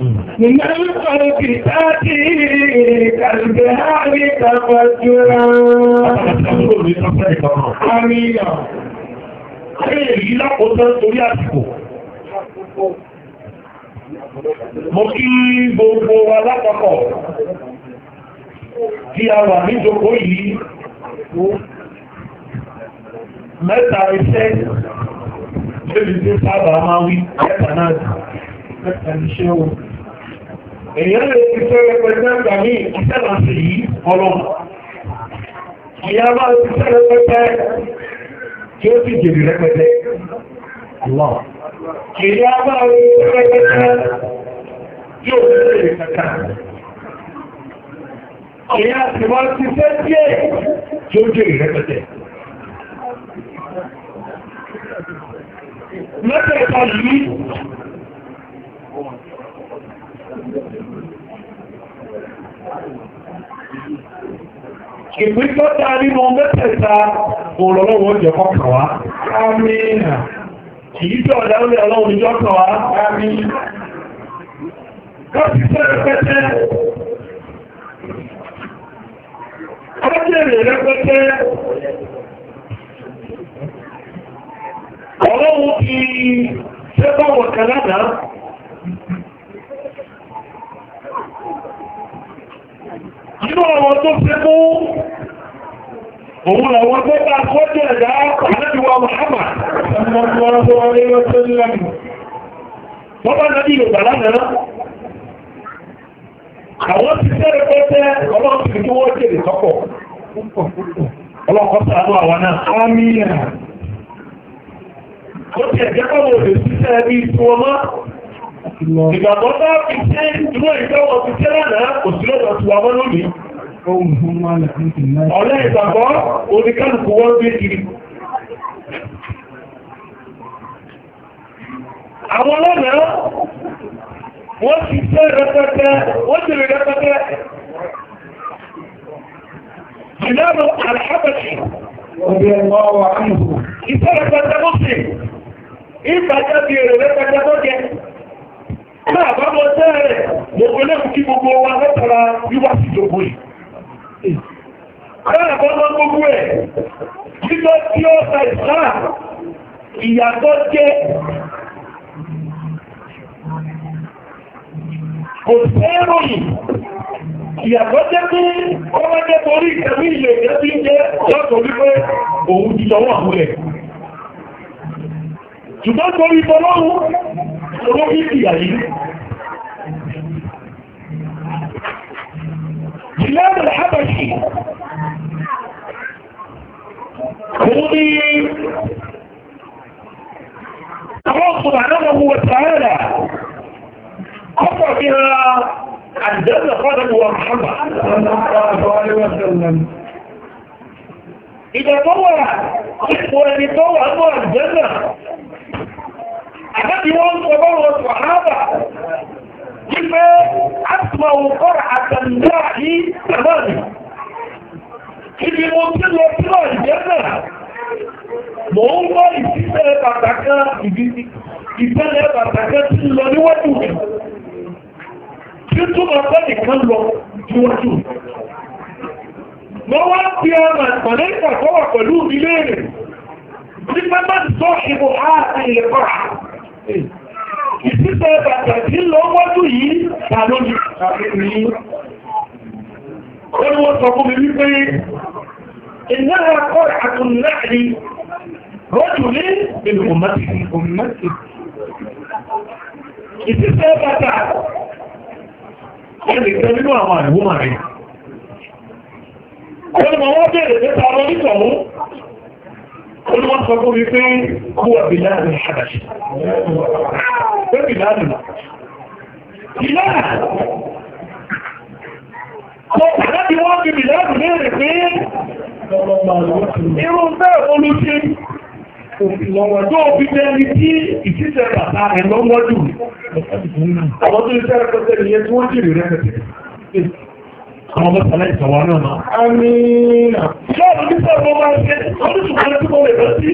من الخلق تأتي كالبهار تفجرا آمين Ayé èyí lápòtọ́ torí àsìkò. Mo kí gbogbo wa lápapọ̀ tí a wà ní ìjókòó yìí mẹ́ta iṣẹ́ lórí tí sábà máa wí mẹ́ta náà mẹ́ta iṣẹ́ ohun èyàn lè ti fẹ́rẹ̀ pẹ̀lú ẹgbà ní ìṣẹ́lá sí yìí ọlọ́mù ìyá bá ti fẹ́rẹ̀ pẹ̀lú kí ó sì jèrè rẹpẹtẹ ìyá bá ti fẹ́rẹ̀ pẹ̀lú kí ó sì jèrè kàkà ìyá sì wá ti fẹ́ díẹ̀ kí ó jèrè rẹpẹtẹ mẹ́tẹ̀ẹ̀ta yìí ìpín tó dáa nínú mẹ́tẹ̀ẹ̀ta òòrùn jẹ kọkàn wá àmìnà kìí tí ọ̀dá orí ọlọ́run jọ kàn wá àmìnà kọ́sí sẹ́rẹ̀ pẹ́tẹ́ ọjẹ́rẹ̀ rẹ̀ pẹ́tẹ́ ọlọ́run ti ṣẹ́bọ̀wọ̀ kanáà nínú àwọn tó fẹ́ mú òun àwọn tó bá kọjú ẹ̀dá àlẹ́bíwá Muhammad wọ́n bá nàbí Yorùbá lánàá àwọn ti fẹ́rẹ̀ pẹ́tẹ́ ọlọ́pìn tí wọ́n jèrè sọ́pọ̀ ọlọ́kọ́ sàánú àwọn náà àmì ẹ̀ Ìgbàgbọ́ bá fi ṣe ìdúró ìfẹ́wọ̀ fi ṣe lánàá kò sí lọ́dọ̀ tí wà mọ́ lónìí. Ọ̀lẹ́ ìgbàgbọ́ oníkálùkù wọ́n gbé kiri. Àwọn lánàá wọ́n ti ṣe rẹpẹtẹ, wọ́n ti rẹpẹtẹ. Jìnàbọ̀ àlàábẹ̀ṣì. Ọdẹ ẹ̀wọ́ wà ánìkù. Ìṣẹ́ rẹpẹtẹ mọ́sí. Ìgbàjẹ́ bí èrè rẹpẹtẹ mọ́jẹ́. Ní àbábọ̀ tẹ́ẹ̀rẹ̀, mo gbọ́lẹ́kù kí gbogbo wa lọ́tara wíwá sí ìjọgbò yìí. Àwọn àbábọ̀ gbogbo ẹ̀, títọ́ tí ó ta ìsáà, ìyàtọ̀ jẹ́ kò sẹ́ròyìn. Ìyàtọ̀ jẹ́ pé ọmọ jẹ́ torí ìtẹ̀mí ilẹ̀ ìjẹ́ tí ń jẹ́ lọ́tọ̀ wípé òun ti lọ́wọ́ àmúlẹ̀. Ṣùgbọ́n torí tọ́lọ́run owó fífì yà yìí ìlànà àbàṣì òun ni àwọn sùnmọ̀ àwọn tààrà ọkọ̀ bí ha àjẹ́sẹ̀ fọ́dọ̀ wọ Muhammad ìgbà tó wà ipò ẹni tó wà ní àjẹ́sẹ̀ àbẹ́bí wọ́n sọ bọ́rọ̀ oṣù àlábà wípé asùnmọ̀ òkọ́rọ̀ àtàndà ní ẹ̀mọ́ni ibi mo tí lọ sí lọ ìjẹ́ náà mò ń gbọ́ ìsísẹ́ bàtàkà ìbílẹ̀ bàtàkà tí lọ níwájú rẹ̀ tí túnmọ̀ pẹ́ nìkan lọ níwájú wọ́n wá bí ọmọ ìpàdé ìpàkọ́wà pẹ̀lú ilé rẹ̀ nígbàmọ́ ìsọ́ ìbò ààrẹ ilẹ̀ kọ́ra ìsísẹ́ bàtà tí lọ wọ́dù yìí ta ló ní àfihàn ó ní wọ́n sọ fún mi wípé iná akọ́ àtúnláàrí rọ́jù ní ìlú òmìnàtì ìsísẹ́ bàtà ẹnìkan nínú àwọn àìwọ́mà rẹ̀ ó ní wọ́n bẹ̀rẹ̀ Olúwọ́n sọ fún mi pé kú àbìláàrin ṣàbàṣì. Pé bìláàrin. Bìláàrin. Láti wọ́n fi bìláàrin léèrè pé irú bẹ́ẹ̀ olúṣe tó fi bẹ́ẹ̀ni tí ìtíṣẹ́ bàbá ẹ̀ Àwọn tó ń tẹ́rẹ àwọn ọmọ tàlá ìtàwà náà máa. Àmìnà. Ṣọ́ọ̀dù ní sọ́ọ̀bọ̀ máa ń ṣe ọdún ṣùgbọ́n tí mo lè lọ sí.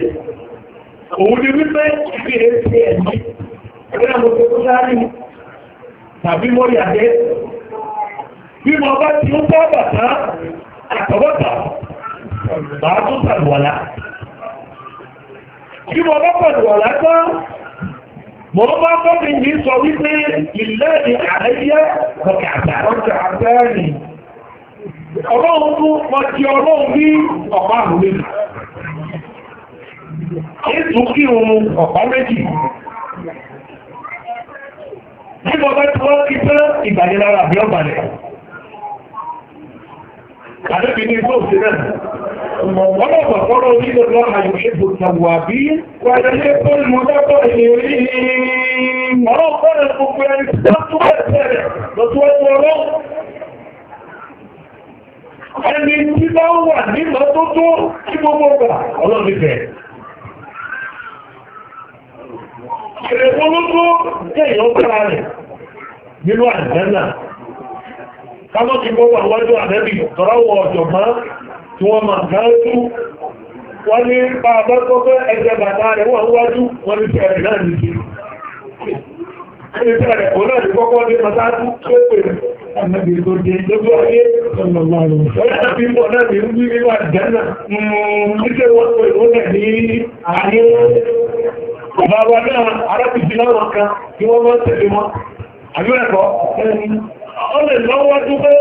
Òun ni wípé ìfi èsì ẹ̀mí. Ẹgbẹ́ mo ṣe tó sáré tàbí mo rí àdé. Bí mo bá ti ń bá bàtà àtọ̀bọ̀tà, bàá tún sàlùwàlá. Bí mo bá pàdùwàlá tán, mo bá bọ́ mi ní sọ wípé ìlẹ́ni àlẹ́yẹ ọkà àtàrí ọlọ́run tó wọ́n ti ọlọ́run ní ọ̀pá àrùn méjì ètò kí oòrùn ọ̀pá méjì nígbà bá ti wọ́n kí tán ìgbàlẹ̀ lára àbí ọ̀bàlẹ̀ àdébì ní ìgbò sí náà ọlọ́pàá fọ́rọ̀ orílẹ̀ lọ́nà ìṣẹ́bù tàwà bí wáyé tó ìmọ̀lọ́pọ̀ ìrìn ọlọ́pàá rẹ̀ gbogbo ẹni tí bá wà tó tó tí gbogbo gbà ọlọ́nìfẹ́ ìrẹ̀kọ́ ló tó jẹ́yàn rẹ̀ nínú àjẹ́nà kámọ́ ti gbogbo ọkọ àdẹ́bì tọ́ráwọ̀ ọ̀jọ̀gbọ́n tí wọ́n máa gáájú wọ́n ní pa àbọ́kọ́kọ́ ẹgbẹ́ rẹ̀ wọ́n wájú wọ́n ní náà Ànábì tó dé lójú ayé ọ̀nàmà rẹ̀. Ọ̀nà àbí pọ̀ náà ní orí wíwà jẹ́nà. Níṣẹ́ wọ́n pè ó lẹ̀ ní ààyè. Bàbá wa náà arábìsí láwọn kan kí wọ́n máa tẹ̀lé wọn. Àbúrẹ́kọ̀ hmm, ó lè lọ́wọ́ tó pé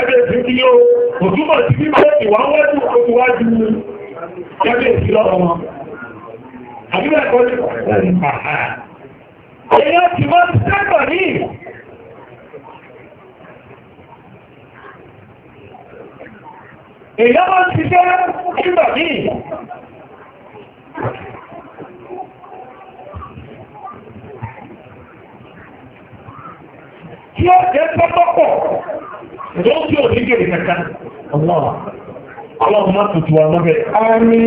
ajẹ́sí tí èyàn máa ti jẹ́ ìgbà míì tí ó jẹ́ tọ́tọ́pọ̀ tó kí ò ní gèrè kẹta ọlọ́run má tutù wa lọ́bẹ̀ àmì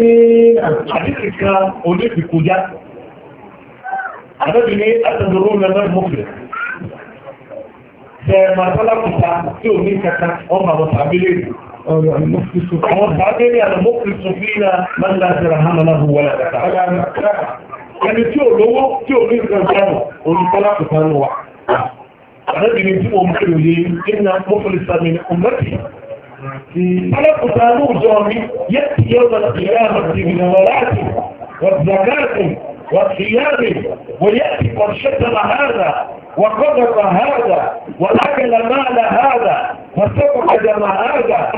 àdíkì kan olóòtú kọjá àdọ́bì ní àtàdọ̀rọ̀ lọ́wọ́ mọ́fẹ́ tẹ màtọ́lápùta tí ò ní kẹta ọmọ àwọn tàbílẹ̀ ìlú أو المخلص وبعدين المخلص فينا من لا درهم له ولا متاع ẹni tí ò lówó tí ò ní ìgbẹ̀gbẹ̀rún olùkọ́lá ìfàánù wa àrẹ́bìnrin tí wọ́n mú lè nínú mọ́fẹ́lẹ́sàmì ọmọdé alákùnrin àlóòjọ́ mi yẹ́ ti yẹ́ ọ̀nà ìyá àmàtì ìrìnàwó láti wọ̀n وثيابه ويأتي قد شتم هذا وقدر هذا وأكل مال هذا وسقط دم هذا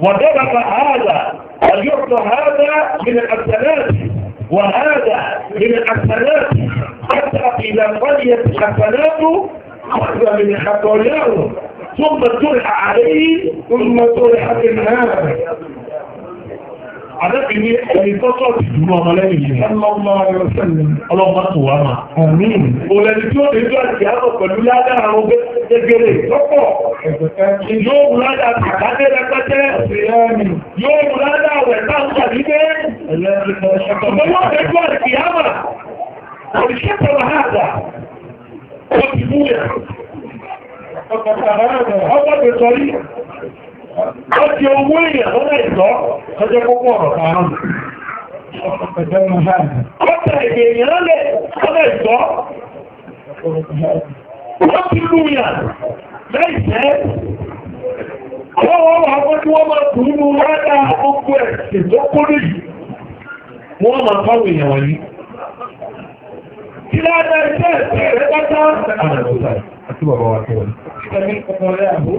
وضرب هذا ويعطى هذا من الحسنات وهذا من الحسنات حتى إذا قضيت حسناته أخذ من خطاياه ثم طرح عليه ثم طرح في النار Àdẹ́bì ní ẹni tọ́tọ́ ti dúró ọmọ lẹ́yìn yìí. Ọlọ́mọ ayọ̀ sẹ́lẹ̀. Ọlọ́mọ tó wá máa. Àmín. Òlẹ́ni tí ó lè jọ àti àbọ̀ pẹ̀lú ládàá àwọn gẹ́gẹ́rẹ́ tọ́pọ̀. Yóò mú ládàá kàkàdé rẹpẹtẹ. Yóò mú ládàá wẹ̀ táǹkà nígbé. Ọmọ lè jọ àti àbà. Òrìṣẹ́ tọrọ hàdà. Ó ti mú yà. Ọkọ̀ láti owó èèyàn lọ́nà ìtọ́ ọjọ́ gbogbo ọ̀rọ̀ kàánù ọ̀tẹ̀ èdè èèyàn lẹ̀ lọ́nà ìtọ́ wọ́n ti lú yà lẹ́ìsẹ́ ọwọ́ wà wọ́n tí wọ́n máa tún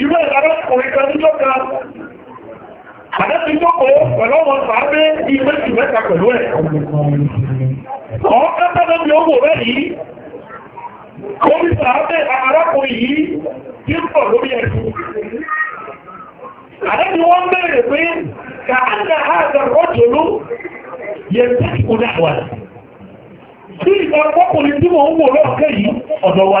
irú ẹ̀lárakùnrin kan níjọ́ kan àdáti jókòó pẹ̀lú ọmọ sàábé ilé jù mẹ́ta pẹ̀lú ẹ̀ ọ̀ọ́kẹ́ tẹ́lẹ̀ bí ó wò rẹ̀ yìí orí sàábé arákùnrin yìí tí ń pọ̀ lórí ẹ̀sùn àdáti wọ́n bẹ̀rẹ̀ pé ka ánà ààzà rọ́jòlú yẹ tẹ́kùnrin àwọn tí ìgbà ọkùnrin tí mo ń wò lọ́ọ̀kẹ́ yìí ọ̀dọ̀ wà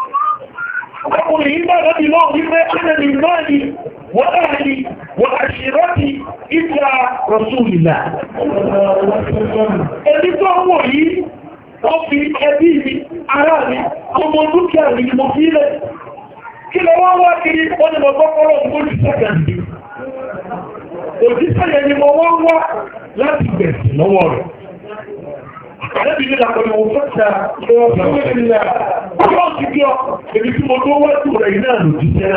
ọkùnrin yìí náà lọ́dí lọ́wọ́ wípé ánàlì náà ni wọ́n náà ni wọ́n àṣírọ́tì ìjà rọ̀súlìlà ẹni tó wọ̀ yìí wọ́n fi ẹbí mi ará mi ọmọ dúkìá mi mo fi kí lọ wọ́n wá kiri wọ́n ni mo gbọ́kọ́rọ̀ Àdébì ní àkọlù òun fẹ́ta ọ̀pọ̀ ìlà ọjọ́ ti bí ọ, èdè tí mo tó wẹ́tù rẹ̀ iná lòdì jẹ́.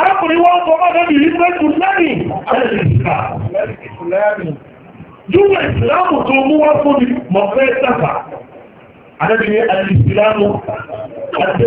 Arákùnrin wọ́n kọ́ bá dẹ́bì ní pẹ́tù lẹ́yìn Júwẹ̀ ìsìláàmù tó mú wá fún mi mọ̀ fẹ́ sáfà. Àdébì ní àìsìláàmù, àti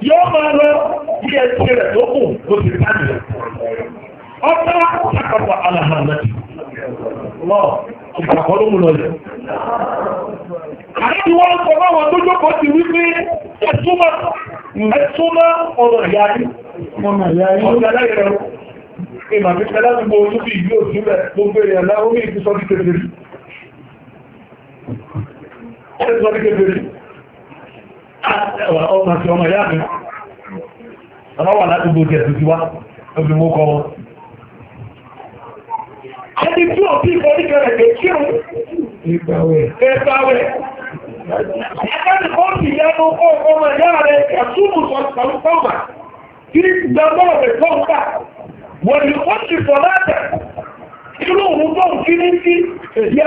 yóò máa lọ bí ẹsẹ̀ rẹ̀ tó kù ló ti ká nìyẹn. ọ̀tá àkàtà alàhàmàtì lọ ìgbàkọ́ ló mú lọ yẹ. àti wọ́n sọ fáwọn tó jókòó ti wí pé ẹ̀túmọ̀ ẹ̀túmọ̀ ọ̀rọ̀ ìyá yìí. ọ̀gá láyé rẹ̀ ìmọ̀ mi fẹ́ láti gbọ́ ojú bí ìlú òṣùlẹ̀ gbogbo èèyàn láwọn mí ìfisọ́ ti kékeré ọmọ sí ọmọ ìyá mi ọmọ wà láti gbogbo ẹ̀sùn sí wá ọdún mọ́kọ wọn ẹni tí ó bí ìfẹ́ nígbẹ̀rẹ̀ pé kí o ìgbàwẹ̀ ẹgbàwẹ̀ ẹgbẹ́ni kọ́ sí ìyẹ́nu kọ́ ọmọ ìyá rẹ̀ ẹ̀sùnmù sọ̀rọ̀sọ̀rọ̀sọ̀mà kí gbẹ̀mọ́ rẹ̀ tọ́ǹkà wọ́n ni ó ti sọ láta irú òun tó ń kí ní sí yẹ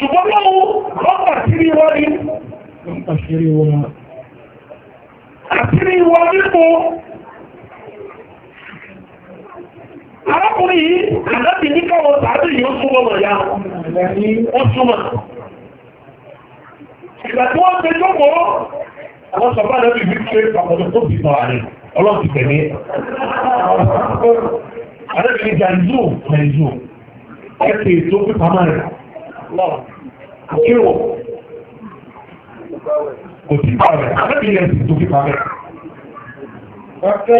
ṣùgbọ́n lọ́wọ́ ọkà sírí wọ́n ni àtírí wọ́n nípo arákùnrin yìí àdábì ní káwọn tààdì yóò súnmọ́ mọ̀ ya ó súnmọ́ ìgbà tí wọ́n tẹ jọ́pọ̀ àwọn sọ̀bá lẹ́bí bí ṣe pàpọ̀tọ̀ tó bí náà rẹ̀ ọlọ́pì tẹ̀lé àrẹ́bìnrin jàǹzù ẹ̀ẹ́sù ẹ̀ẹ́sù tó pípa máa rẹ̀ lọ́rọ̀ àkíwò kò sí pàmẹ́ àbẹ́bìnrin ẹ̀sìn tó fi pàmẹ́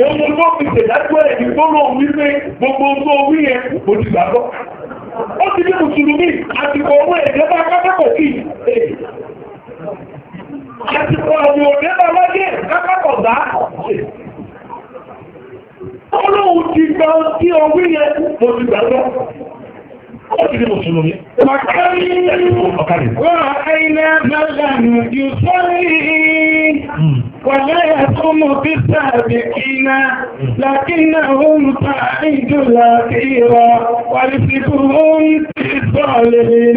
Òun ló fi ẹ̀ gbogbo tó wí yẹn kò ti gbàgbọ́. Ó Mùsùlùmí owó bá kí. àwọn òde bá ti tí ọwí kò ti gbàgbọ́. ورأينا بغا يصلي ولا يقوم بالسابقين لكنهم قاعد الأخيرة ويمسكهم في الظالمين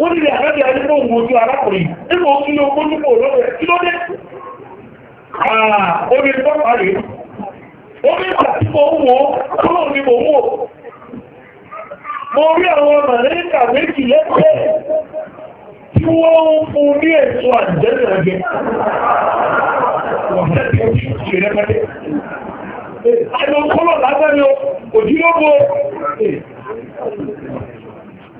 wọ́n nílẹ̀ àgbẹ́bẹ̀ àdúgbò ojú arákùnrin nínú ojú ní ogún nípò lọ́wọ́ kí ló dé ah, omi tọ́pàá rẹ̀ omi ìpàtíkò owó kọ́lọ̀ ní mò àwọn màlẹ́kà méjì lẹ́gbẹ́ tí wọ́n ń fún ní Àjọ kọ́lọ̀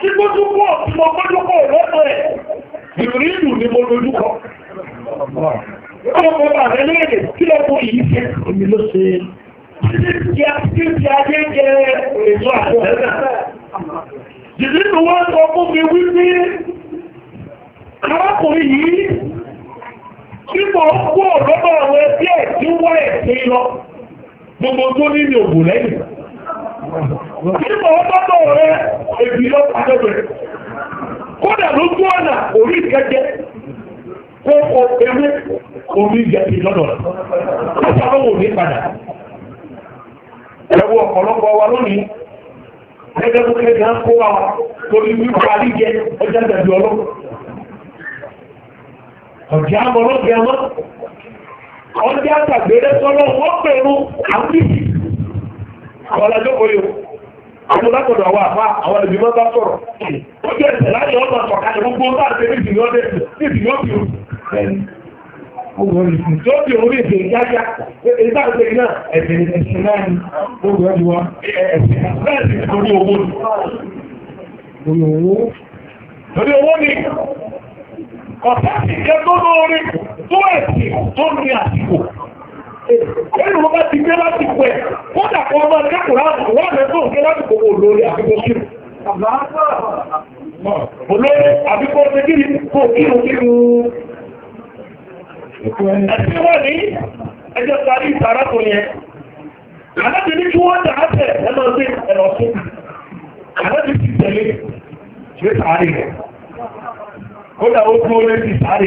tí mo dúkọ́ tí mo gbọ́dúkọ́ lọ́pọ̀ ẹ̀ ìrìnlù ni mo dojúkọ́ ọmọ bàbá rẹ̀ léèrè kí lọ bó yìí ṣe omi ló ṣe Jìdínú wọ́n sọ fún mi wípé arákùnrin yìí tí mo ń kó lọ́dọ̀ àwọn ẹgbẹ́ tí wọ́n ẹ̀ sí lọ gbogbo tó ní ní ògùn lẹ́yìn nígbà wọ́n tọ́tọ̀ rẹ̀ èbì lọ pàtẹ́bẹ̀rẹ̀ kódà ló tó ọ̀nà orí ìkẹ́jẹ́ kó kọ ewé orí ìjẹ̀bì lọ́dọ̀ lọ́sàrọ̀wò ní padà ẹwọ ọ̀pọ̀lọpọ̀ wa lónìí gẹ́gẹ́ tó kẹ́gẹ́ ń kó wa torí wípa ríjẹ ọjà ìdàbí ọlọ́pọ̀ ọjà ọlọ́pẹ̀ ọmọ ọjà àtàgbẹ̀rẹ̀ sọ́lọ́ wọ́n pẹ̀lú àpìsì ọ̀làjọ́ àwọn látọ̀dọ̀ àwọn àfá àwọn ìgbìmọ̀ bá sọ̀rọ̀ ó jẹ́ ẹ̀sẹ̀ láti ọ̀nà ọ̀kadà gbogbo ọ̀tá àti ní ìsìn ọdẹ ní ìsìn ọdẹ ẹni tó bí òun ní ìsìn yájá ìta ìsìn náà ẹ̀sìn ẹ̀sìn náà ni ó rẹ̀ jù wá ẹ̀sìn náà sì torí owó ni torí owó ni ọ̀sẹ̀ sì kẹ́ tó lóore tó ẹ̀sìn tó ní àsìkò Ẹnu mo bá ti gbé láti pẹ̀, kódà kan máa kẹ́kọ̀ọ́ láti wà lẹ́tọ̀ gbé láti gbogbo olórí àbíkọ́ sí. Olórí àbíkọ́ ti kí ni kò kírun kírun. Ẹ̀sìn wọ́n ní ẹjọ́ parí ìtara tó yẹn. Àdájọ́ ní kí wọ́n dà á tẹ̀ ẹ̀nà sí ẹ̀nà sí. Àdájọ́ ti tẹ̀lé ṣe sáré rẹ̀. Kódà ó kú ó lé sí sáré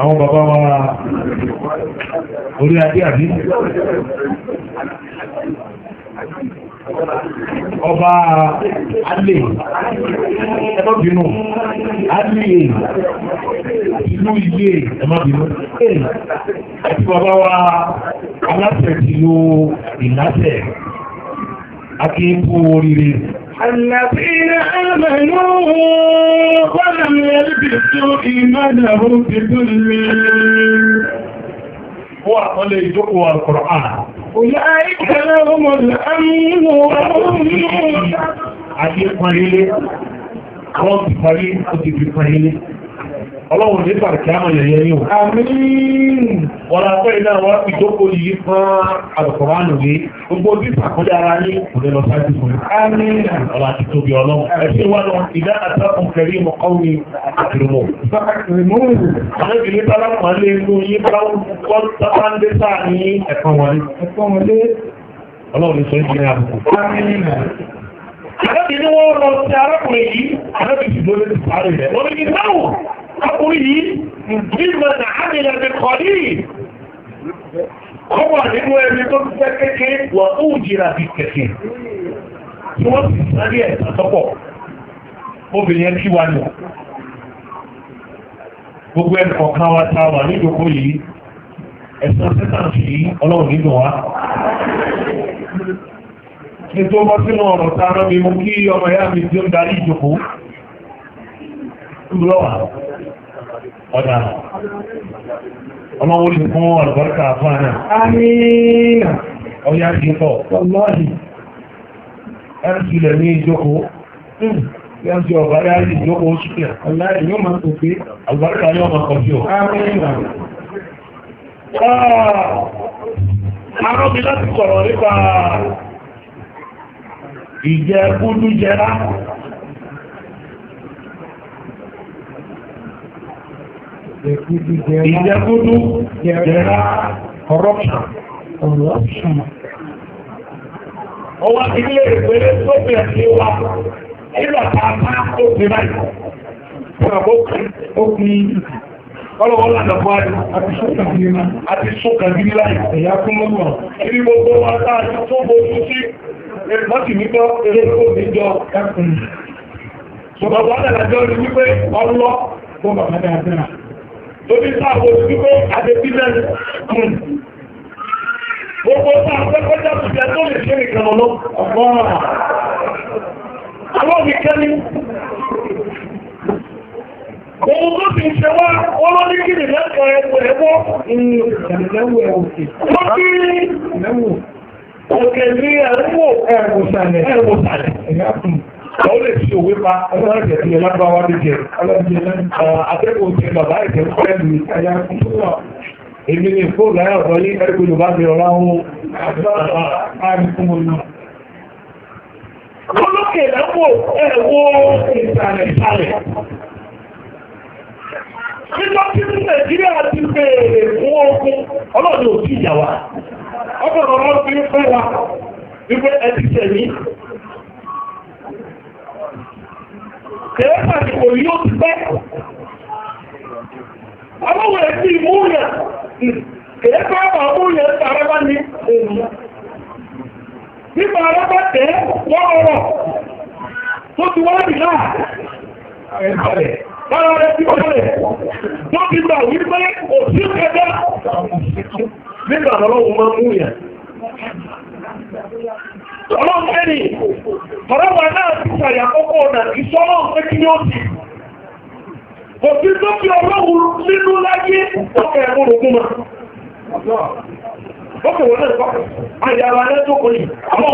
àwọn bàbá wa orí adé àbí ọba alè ẹmọ́bìnú alè ìlú ilé ẹmọ́bìnú àti bàbá wa aláṣẹ ti lo ìlàṣẹ akíkú oríire الذين آمنوا ولم يلبسوا إيمانهم بظلم وأقل يدعوا القرآن أولئك لهم الأمن وهم عجيب قليل قوم قليل قد في قليل ọlọ́run ní pàtàkì àmà yẹ̀yẹ̀ yìí wọ́n lápẹ́ iná wọ́n fi jókó yìí fún àdọ̀kọ̀ránù ní gbogbo bí pàkúdé ara ní òde lọ sáájú fún mi ọlá ti tóbi ọlọ́run ẹ̀sìn wà lọ ìdá àtàkùn kẹrí mọ̀kọ́ ní àtìrìmọ̀ alẹ́bìnrin tálákùn alẹ́ inú yìí bá wọ́n sápáńdé sáà ní ẹ̀kan wọlé ọlọ́run sọ ìjìnlẹ̀ àbùkù Àdábìnrin wọ́n lọ sí arákùnrin yìí, àdábìnrin lórí ti sáré rẹ̀. Wọ́n ní ọkùnrin yìí nígbà náà àmìlẹ̀ ti kọ̀ ní ọwọ́ nínú ẹni tó ti fẹ́ kékeré wà ó jìrà bí kẹ̀kẹ́ tí wọ́n sì sáré ẹ̀ sọ́pọ̀ obìnrin ẹni kí wà nù gbogbo ẹni kọ̀ọ̀kan wa ta wà nídòkó yìí ẹ̀sán sẹ́tàn sí ọlọ́run nínú wa lọ́wọ́ ọ̀dà ọmọ orí fún àlùbáríkà fún àná àmìnà ọ̀yá ti pọ̀ lọ́ọ̀dì ẹ̀rùsùlẹ̀ ní ìjókòó yájú hmm. ọ̀bá yá ní ìjókòó ṣùgbọ́n aláì yóò máa tó pé àlùbáríkà yóò máa kọjú ọ̀ àmìnà àrọ́bí ah! láti sọ̀rọ̀ nípa ìjẹ kúdú jẹrá ìjẹkúdú jẹ̀rá corruption Corruption. ọwọ́ ilé ìpele tó bẹ̀rẹ̀ sí wa nígbà tá a bá tó fi báyìí fún àbó òkun ọlọ́wọ́ ládàbọ́ àti ṣọ́kà bí láì ẹ̀yà fún mọ́mọ́ ẹni gbogbo wa táà ti tó bójú sí láti nítọ́ eré òní jọ ẹkùn ṣùgbọ́n wọ́n dàgbàjọ́ rí wípé ọlọ́ tó bàbá dáadáa lórí sáàbò wípé àdébílẹ̀ kùn. Gbogbo sáà pẹ́kọ́já tùjẹ́ tó lè ṣe nìkan lọ ọ̀gbọ́n. Àwọn òmìnkẹ́ ni, gbogbo tó ti ṣe àwọn lè fi òwe pa ọlọ́rẹ̀ tẹ̀sí ẹ̀ lágbàwá lè jẹ ọlọ́rẹ̀ àtẹ́kùn tẹ bàbá ẹ̀tẹ̀ ń pẹ́ mi ẹ̀yà kúrò èmi ni fóònù láyà ọ̀dọ́ yí ẹ̀rù yorùbá fi ọ̀rá ohun olókè lẹ́wọ̀ ẹ̀wọ̀ ìsàlẹ̀ ìsàlẹ̀ nígbà tí ní nàìjíríà ti bèèrè fún ogun ọlọ́dún òkú ìyàwó ọgbọ̀n ọlọ́dún fẹ́ wa wípé ẹ ti tẹ̀lé kẹ̀ẹ́ àtìkò yóò ti pẹ́ àwọn ẹ̀sí ìmúyàn kẹ̀ẹ́ pàápàá múyàn tààrẹ́bá ní ènìyàn nípa arábá tẹ́ lọ́rọ̀ tó ti wọ́n tó ti gbà wípé òsí ẹgbẹ́ nígbà lọ́wọ́ mọ́ múyàn. ọlọ́run mẹ́rin tọ́rọwà náà ti sàyà kọ́kọ́ ọ̀nà ìṣọ́lọ́ pé kí ni ó ti kò sí tó fi ọlọ́run nínú láyé ọkẹ̀ ẹ̀mọ́rùn ogún ma ọkẹ̀ wọ́n náà kọ́kọ̀ àyàwó alẹ́ tó kò ní àwọn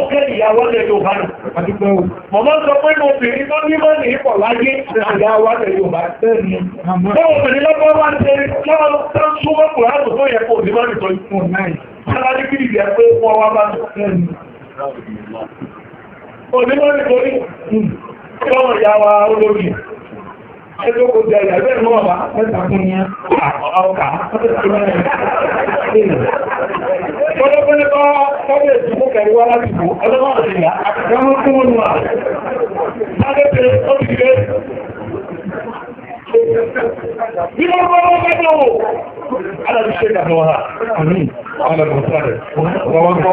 mọ̀mọ́ sọ pé mo bèèrè tó ní mọ́ni ipọ̀ láyé àyàwó alẹ́ bá tẹ́ẹ̀ni lọ́wọ́ Òdílórí torí ìrọ̀rùn ìyàwó olórí. Ẹjọ́ kò jẹ ìyàgbẹ́ ìmọ́ ọ̀bá mẹ́ta fún ní ọkà. Ọlọ́pẹ́lẹ́ bá ọgbẹ̀ ìjìnkú kẹrì wá láti bú ọlọ́wọ́ ìyà àti ọmọ fún wọn wà. wọ́n wọ́n bẹ́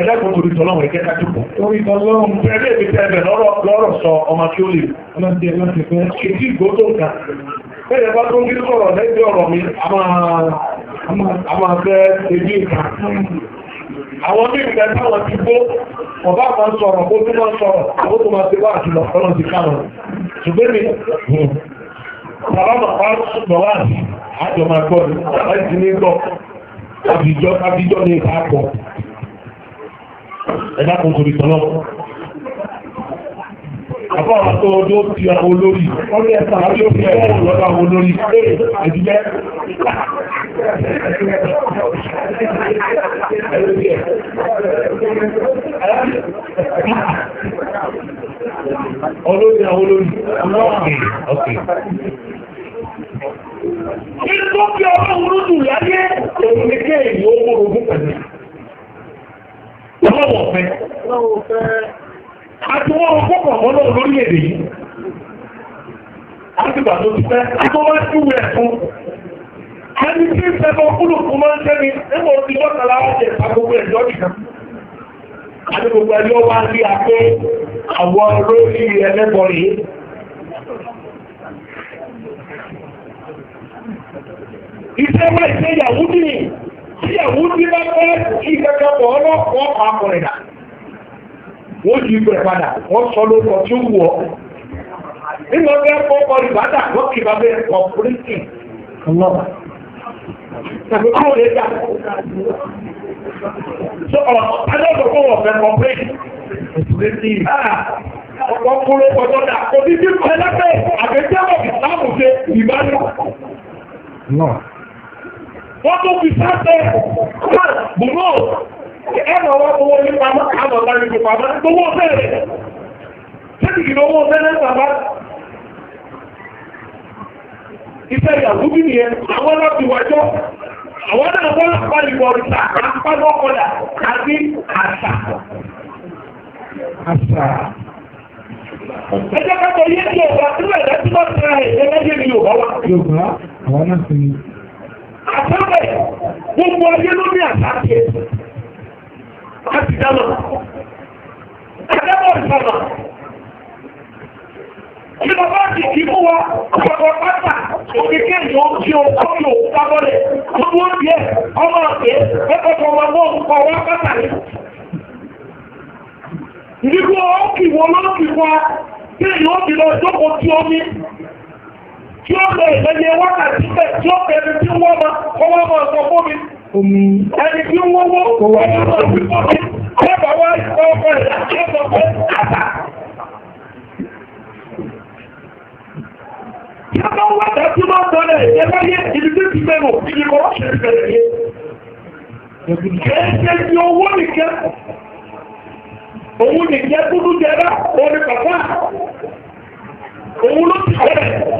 ẹlẹ́kùn orí tọ́lọ́wọ̀ ẹ̀kẹ́ kájúkù orí tọ́lọ́wọ̀ ẹgbẹ́ ìbí tẹ́ẹ̀bẹ̀ lọ́rọ̀ sọ ọmọ tí ó lè ọlọ́dí ẹlọ́dí fẹ́ ṣètí ìgbó tó ń ká bẹ́ẹ̀ bá tó ń gírí sọ̀rọ̀ lẹ́gbẹ́ ọ̀rọ̀ mi a máa fẹ́ ṣètí ìka àwọn ní ìgbẹ́ táwọn ti gbó ọba máa ń sọ̀rọ̀ ó tún máa ń sọ̀rọ̀ ó tún máa ti wá àti lọ sọ́nà ti káwọn ṣùgbẹ́ mi bàbá bàbá sọ̀rọ̀ wá àjọ máa gbọ́ ni bàbá ìdílé gbọ́ àbíjọ́ ní ẹ̀dá kan torí tọ́lọ́ àbọ̀ àwọn tó ọdún ó ti àwọn olórí ọdún ẹ̀sà àbí òfin ẹ̀wọ̀n lọ́dọ̀ àwọn olórí ẹ̀dìjẹ́ olórí àwọn olórí ọkẹ̀ Ìjọ́ bí ọmọ òun rúdù láyé, òun ó mú ogún pẹ̀lú ọlọ́wọ̀ fẹ́ àti wọ́n wọ́n pọ̀pọ̀ mọ́lọ́ lórílẹ̀-èdè yìí àtìgbà tó ti fẹ́ àti wọ́n máa ń túwẹ̀ ẹ̀fún ẹni tí ń fẹ́ kúrò fún máa ń tẹ́ni nígbà tí lọ́kàlá ọ̀tẹ̀ àgbogbo ẹ̀jọ́ nìkan àti gbogbo ẹjọ́ wá rí apé àwọn lórí ẹlẹ́bọ̀ yìí iṣẹ́ wá ìṣẹ́ ìyàwó nìyí tí àwọn tí bá fẹ́ kí kẹ́kẹ́ pọ̀ ọlọ́pọ̀ pàápọ̀rẹ̀ dà wọ́n ti gbẹ̀ padà wọ́n sọ lóko tí ó wù ọ́ nínú ọgbẹ́ pọ́pọ́ ìbádà wọ́n kì bá bẹ́ẹ̀ pọ̀ pírísì ọlọ́pàá tàbí kúrò lè dà so ọ̀pọ̀lọpọ̀ kọ́ wọ̀ fẹ́ pọ̀ pírísì ọ̀pọ̀ kúrò pọ̀tọ́ dà kò ní bí pẹ́lẹ́pẹ́ àgbẹ̀jẹ́ wọ́n tó fi sáfẹ́ gbogbo ẹ̀rọ wọn owó ní pamọ́ àwọn ọ̀la ní pamọ́ gbogbo bẹ́ẹ̀rẹ̀ tẹ́tì kìí owó bẹ́ẹ̀rẹ̀ pàmọ́ iṣẹ́ ìyàwó bí nìyẹn àwọn láti wájọ́ àwọn náà wọ́n pàlìwọ̀ ìta àpágọ́kọ̀dà àti àṣà àṣà ẹjọ́ kẹ́kọ̀ọ́ yé ti ọ̀gá sílẹ̀ ìdájúmọ̀ sí ara ẹ̀jẹ̀ méjèèjì yóò bá wà. yóò bá àwọn náà sí ni àtọ́bẹ̀ gbogbo ayé ló ní àtàkì láti dámà àtẹ́bọ̀ ìsọ̀nà kí lọ bá ti kí fún wa ọ̀pọ̀ pátá òkèké ìwọ̀n tí kọ́lù ọmọ ẹkọ̀tọ̀ ọmọ ọwọ́ pátá nígbó lọ jókòó tí tí ó lọ ìlẹ́yẹ wákàtí bẹ̀ tí ó bẹ̀rẹ̀ tí wọ́n ma kọwọ́ ma sọ fún mi omi ẹni tí wọ́n wọ́n kò wà ní ọdún fún mi ẹbà wá ìfọ́ ọkọ̀ rẹ̀ láti ẹ̀sọ̀ pé àtà tí a bá wá tà tí máa tọ́lẹ̀ ẹgbẹ́yẹ ibi tí ti bẹ̀rù ibi kọ́ ṣe bẹ̀rẹ̀ yẹ kẹ́ẹ̀kẹ́ ti owó nìkẹ́ òun nìkẹ́ dúdú jẹ́rá orí pàpá òun ló ti bẹ̀rẹ̀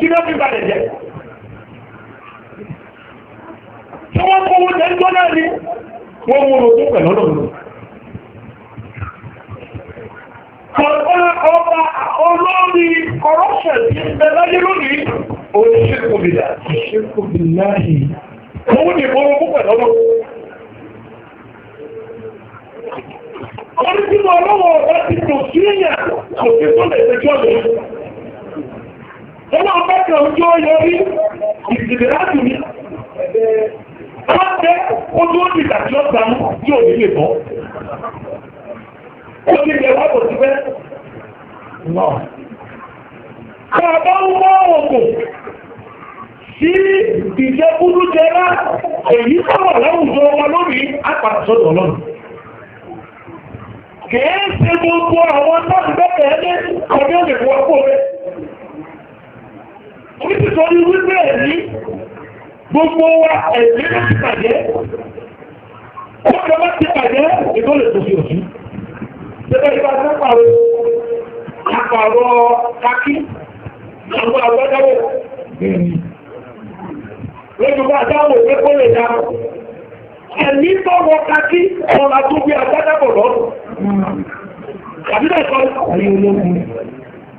kí ló fi balẹ̀ jẹ́ tí wọ́n kówó jẹ́ tó náà ní wọ́n mú lò fún pẹ̀lú ọlọ́run ọba olórí corruption ti bẹ láyé lónìí oníṣẹ́kùnbìlá ìṣẹ́kùnbìlá yìí òun ni tí mo lọ́wọ́ ọ̀rọ̀ ti tò sí èèyàn kò sí tó lè ṣe jọ́ lórí. Ọmọ ọ̀pẹ́kẹ̀ ojú ó yọrí ìdìbẹ̀ láti ní. Wọ́n tẹ́ ojú ó dìgbà tí ó gbàmú tí ò nílé bọ́. Ó ti lè wá kò sí fẹ́. Bàbá ń wọ́ ògùn sí ìjẹ́ kúrú jẹrá èyí sọ́wọ̀ láwùjọ wọn lórí apàtàsọ́dọ̀ lọ́nà. Kìí ṣe gbogbo àwọn tó ń gbẹ́kẹ̀ẹ́ ní ọdún ìwọ̀n nítorí wípé ẹ̀mí gbogbo wa ẹ̀mí ló ti pàdé ọjọ́ bá ti pàdé ìgbó lè tó fi òjú tẹ́lẹ̀ ìgbà tó pàrọ̀ àpàrọ̀ kakí àwọn àgbọ́dáwò lójúgbà àdáwò pé kó lè dáa ẹ̀mí tó wọ kakí ọ̀rọ̀ àtúgbé àgbọ́dáwò lọ́rùn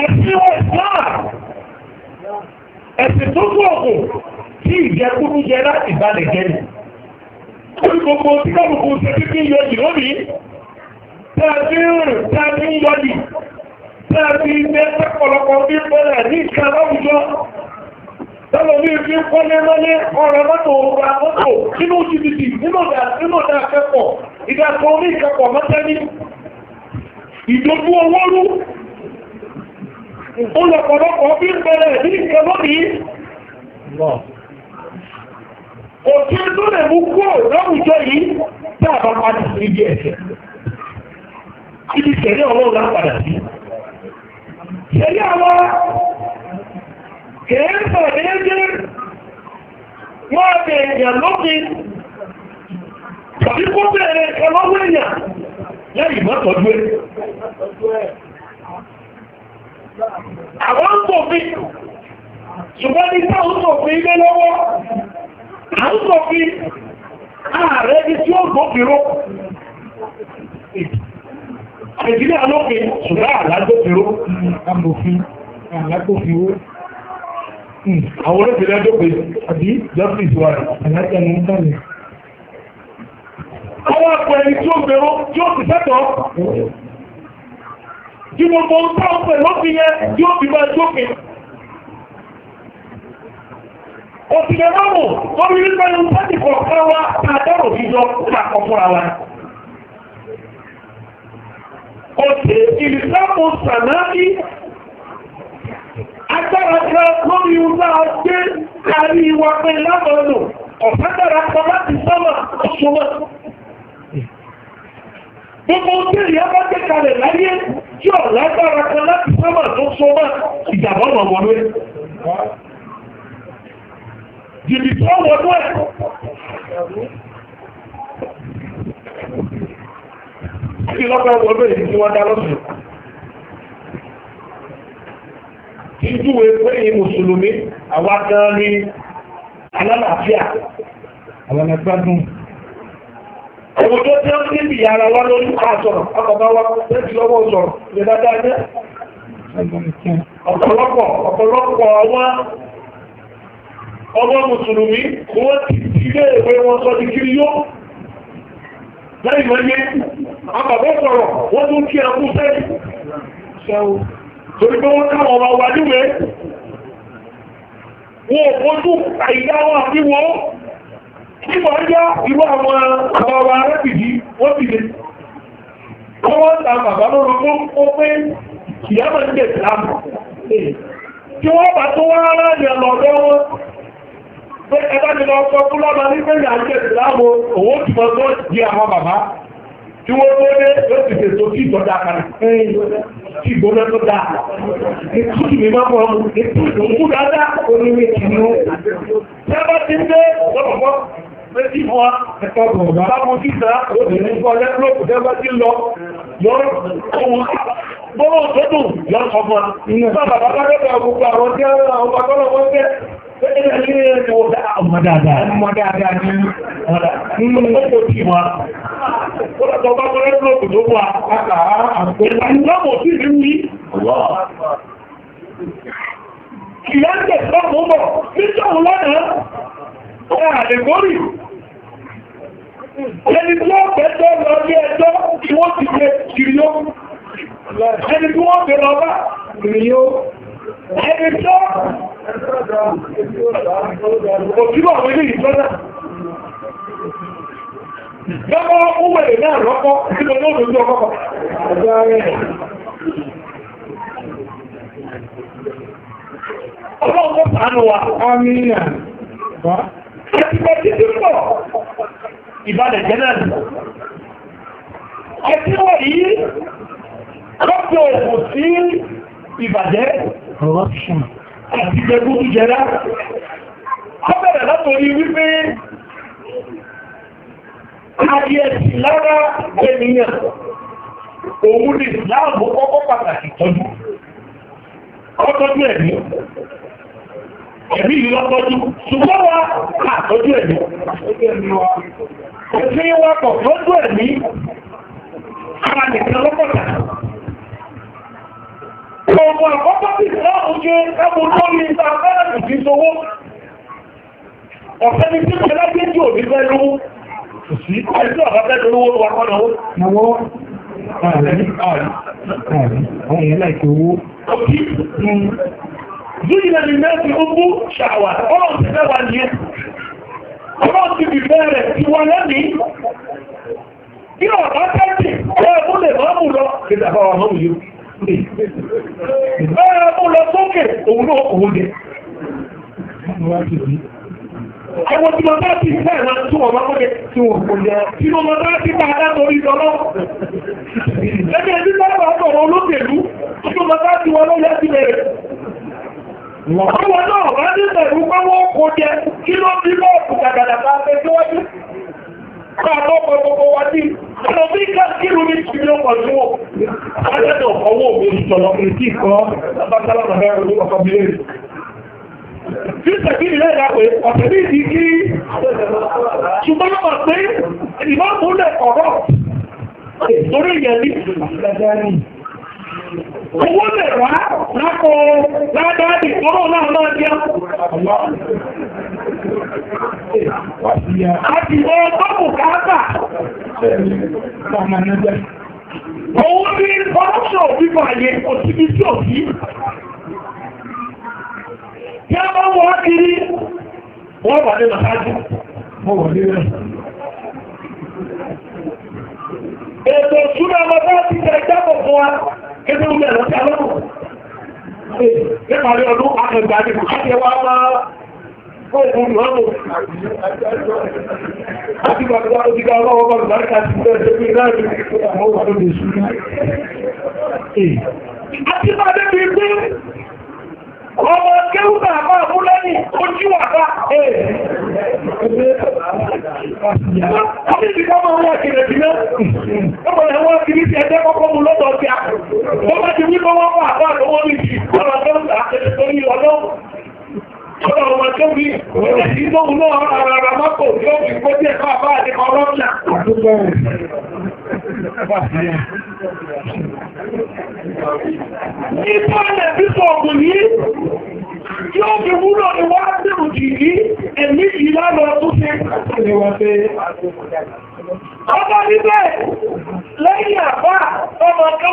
ẹ̀síwọ̀ náà ẹ̀sìn tó tó ọ̀pọ̀ tí ìjẹkúrú jẹ láti balẹ̀ jẹ́ nì orí gbogbo tí kọ́kùnkù ṣe títí yọjì lónìí tàbí rìn tàbí yọjì tàbí ilẹ̀ pẹ́pọ̀lọpọ̀ bí pẹ́lẹ̀ ní ìka láwùjọ tọ́lọ̀ ní ìfí pọ́lẹ̀ mọ́lẹ̀ ọ̀rọ̀ mọ́tò ọ̀rọ̀ mọ́tò nínú jìbìtì nínú ọ̀dà akẹ́kọ̀ọ́ ìdàkọ̀ orí ìkẹ́kọ̀ọ́ mọ́tẹ́ni ìdójú owó rú olọ̀pọ̀lọpọ̀ bí ń bẹ̀rẹ̀ ní ìṣẹ́ lónìí kò tí ó tó lè mú kó láwùjọ yìí tí a bá padà sí ibi ẹ̀ṣẹ̀ ibi tẹ̀lé ọlọ́run lápadà sí tẹ̀lé àwọn kẹ́ẹ̀ẹ́sọ̀ déédé wọ́n bẹ̀ èèyàn lókè tàbí kó bẹ̀rẹ̀ ẹlọ́wọ́ èèyàn lẹ́yìn mọ́tọ̀dúwé àwọn ń tòfin ṣùgbọ́n ní sáà ń tòfin ilé lọ́wọ́ à ń tòfin ààrẹ ní tí ó gbófinró Nàìjíríà lófin ṣùgbọ́n àlágbófinró amòfin àlágbófinró hmm, àwọn olóògbèrè dópe àbí justice wà alájẹ̀mú tààlẹ̀ àwọn àpẹẹrẹ tí ó gbèrò tí ó ti fẹ́tọ̀ọ́ kí mo bọ́ tó ń pè lóbi yẹn yóò fi máa jókè òsìlẹ̀ mọ́mù tó rí wípé ohun tó ti kọ̀ọ̀kan wá àdọ́rò jíjọ pàpọ̀ fúnra wa òsì ìlúsàpò sànáàbí agbára kan lórí ọgbà ọgbẹ́ àrí ìwà pẹ̀lú àmọ́nù ọ̀fẹ́ dára Gbogbo obìnrin ẹgbẹ́ gbé kalẹ̀ láyé tí ọ̀ lágbára kan láti sọ́mà tó sọ́mà ìjàbọ̀ ọmọ wọlé. Jìbìtì ọwọ́ tó ẹ̀. Kí lọ́pàá wọlé yìí tí wọ́n dá lọ́sùn? Ìjúwe pé ní Mùsùlùmí, àwa kan ní alálàáfíà, àwọn ẹgbẹ́ gbádùn. Ọmọ tó tí ó ń níbi yàrá wá lórí àtọ̀rọ̀, ọkọ̀bá wá lẹ́tí lọ́wọ́ sọ̀rọ̀, lè dáadáa jẹ́. Ọ̀pọ̀lọpọ̀ ọ̀pọ̀lọpọ̀ àwọn ọmọ Mùsùlùmí, wọ́n ti ilé ìwé wọn sọ ti kiri yóò. Lẹ́yìn mọ́yé, àbàbọ̀ sọ̀rọ̀, wọ́n tún kí ẹkú sẹ́yìn. Ṣẹ́wọ́. Torí pé wọ́n káwọn ọmọ wa níwẹ̀ẹ́. Wọ́n ò fojú àìyáwó àbí wọ́n Nígbà ọjọ́ irú àwọn àbáwà arẹ́pìdí wọ́n ti lè. Wọ́n wọ́n ta bàbá lọ́rọ̀ fún ó pé ìyámọ̀ ń jẹ̀ ìlàmù. Kí wọ́n bà tó wá rárá ní ọlọ́dọ́ wọn. Pé ẹgbẹ́ ni lọ sọ fún lábá ní pé ìyájẹ̀ ìlàmù òwò ti mọ́ tó di àwọn bàbá. Tí wọ́n tó dé ìgbóná tó dáa. Ètùtù mi máa mọ̀ ọ́mù. Ètùtù dáadáa. Oníwèé kìíní. Tí a bá ti ń dé, ọ̀pọ̀lọpọ̀ méjì wọn báwọn títà obìnrin kọ́ lẹ́pọ̀lọpù tẹ́gbà sí lọ yọ́rọ̀ bọ́rọ̀ tó dùn yọ́rọ̀ ọmọ bàbá bá lẹ́pẹ̀ ọgbùgbà àwọn tí àwọn ọmọ akọ́lọ̀ wọ́n jẹ́ Ọmọ dáadáa ní ọ̀dá. Nínú ọkọ̀ tí wá, ó dàtọ̀ bá kọ́ lẹ́gbẹ̀ẹ́ tó wà, a kàá àpẹ́ ìlànà tí rí ní ìyá ń tẹ̀ sọ́pọ̀ mọ̀, ní ṣọ́run lọ́nà Òun àdègórì. Ẹni tí wọ́n fẹ́ tọ́ lọ ní ẹjọ́ tí wọ́n ti fẹ́ kiri ó. Ẹni tí wọ́n fẹ́ lọ bá kiri ó. Ẹni tí ó. Òjúbọ̀ wọlé ìjọ́dá. Gbọ́gbọ́ ó wẹ̀rẹ̀ náà rọ́pọ́ sí lọ lóòrùn ní ọkọ́kọ́. Ọlọ́run kó pàánù wa. Amínà ẹ̀tìmọ̀ títí pọ̀ ìbálẹ̀ jẹ́ náà nì ẹ̀tìmọ̀ yìí lọ́pọ̀ òkú sí ìbàjẹ́ àti ìjẹgún jẹrá ọ bẹ̀rẹ̀ látòrí wípé ayẹ̀sì lára ènìyàn òun ni láàbò kọ́kọ́ pàtàkì tọ́jú ọtọ́jú ẹ̀mí ẹ̀mí ìlú lọ́tọ́jú ṣùgbọ́n wa àtọ́jú ẹ̀mí ẹ̀mí wa pọ̀ tọ́jú ẹ̀mí ara nìkan lọ́pọ̀tà ọmọ àkọ́kọ́ sí láàrúnjẹ ẹgbùn tó ní ìta sí sówó ọ̀fẹ́ ni tí mẹ́lá òbí fẹ́ zúyìnà ní mẹ́sì ogún ṣàwà ọlọ́run ti mẹ́wàá ní ẹ́ ọlọ́run ti bí bẹ́ẹ̀rẹ̀ ti wọ́n lẹ́ni kí ọ̀pá tẹ́tì ẹ̀ẹ́mú lè máa mú lọ ìdàbà wà máa mú yóò ẹ̀ẹ́mú lọ sókè òun náà òun jẹ Àwọn tí wọ́n bá ti fẹ́ ìwọ̀n tí wọ́n bá tí wọ́n kò lẹ́ tí wọ́n bá ti bá ara lọ́lọ́. Ẹgbẹ́ ẹ̀dí sára ọ̀pọ̀ olóṣèlú, tí wọ́n bá ti wọ́n lọ́yẹ́ sílẹ̀ Àwọn náà bá ní pẹ̀lú pé wọ́n kò jẹ kí ló bí bọ́ọ̀pù kàkàdàkà fẹ́ tí wọ́n tí. Káàkọ́ pẹ̀lú wá sí, ọ̀nà bí káàkiri ní ṣílé ọkọ̀ tí wọ́n. Ajẹ́dọ̀ ọwọ́ mi ìṣọ̀lọ̀ ìtì kan, bátálà bàbá ẹ̀rọ ọkọ̀ bí lè. Tí ìṣẹ̀bí ilẹ̀ ìdápẹ́, ọ̀sẹ̀ bí ìdí kí, ṣùgbọ́n mọ̀ pé ìmọ̀ Owó lè wá na ládáàdì kọ́rọ̀ náà náà jẹ́. Àti ọkọ̀ bùkátà. Owó ní ọ́pṣọ̀ òfífà ayé òsìbí tí ò sí. Kí a máa wọ́n kiri, wọ́n wà ní Wọ́n wà ní rẹ̀. ètò ìṣúná ọmọdé ti jẹ ìjábọ̀ fún wa kéde oúnjẹ lọ sí alọ́rùn nípàrí ọdún akẹgbà ní àjẹwà máa fóògùn lọ́nà àti gbàgbà òjìgá ọlọ́wọ́ bọ̀rọ̀ láríkà ti bẹ̀rẹ̀ sí láàrin àwọn ọmọ kéúgbà àpá àbúlẹ́nì ojú àpá ẹ̀rẹ̀ ọdún ìdíkọ́ máa wọ́n kìrì ìdíná ọmọ ẹ̀wọ́n kìrì sí ẹgbẹ́ Ọ̀rọ̀ ọmọ tó bí ọ̀rọ̀ ìgbó náà ara ara mọ́kò tí ó fi kó tí ẹ̀kọ́ àbá àti ọlọ́pìnà. Ìgbó ẹ̀lẹ̀ bí sọ ọ̀gùn yìí tí ó fi wúlò ní wá bẹ̀rù jì ní ẹ̀mí yìí lálọ tó ṣe. Ọmọ níbẹ̀ lẹ́yìn àbá ọmọ kẹ́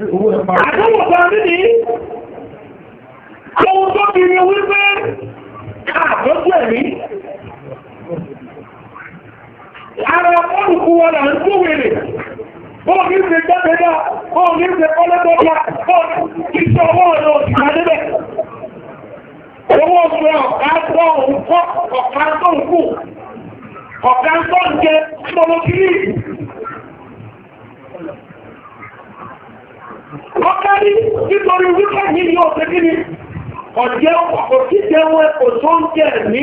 Àdúgbò kan níbi, àwọn tó fi ní wípé káàkókò ẹ̀rí. Ara olùkú wọn là ń tó wèrè. Bọ́ọ̀ ní ṣe gbẹ́gbẹ́gbẹ́, bọ́ọ̀ ní ṣe Owó oṣù ọ̀ká òun kọ́ ọ̀ká tó ń kù, ọ̀ká tó ń ọkárí nítorí wípé ní ní ọ̀sẹ̀ kí ni ọ̀jẹ́ ọ̀pọ̀ tí jẹun ẹ̀kọ́ tó ń jẹ́ ẹ̀mí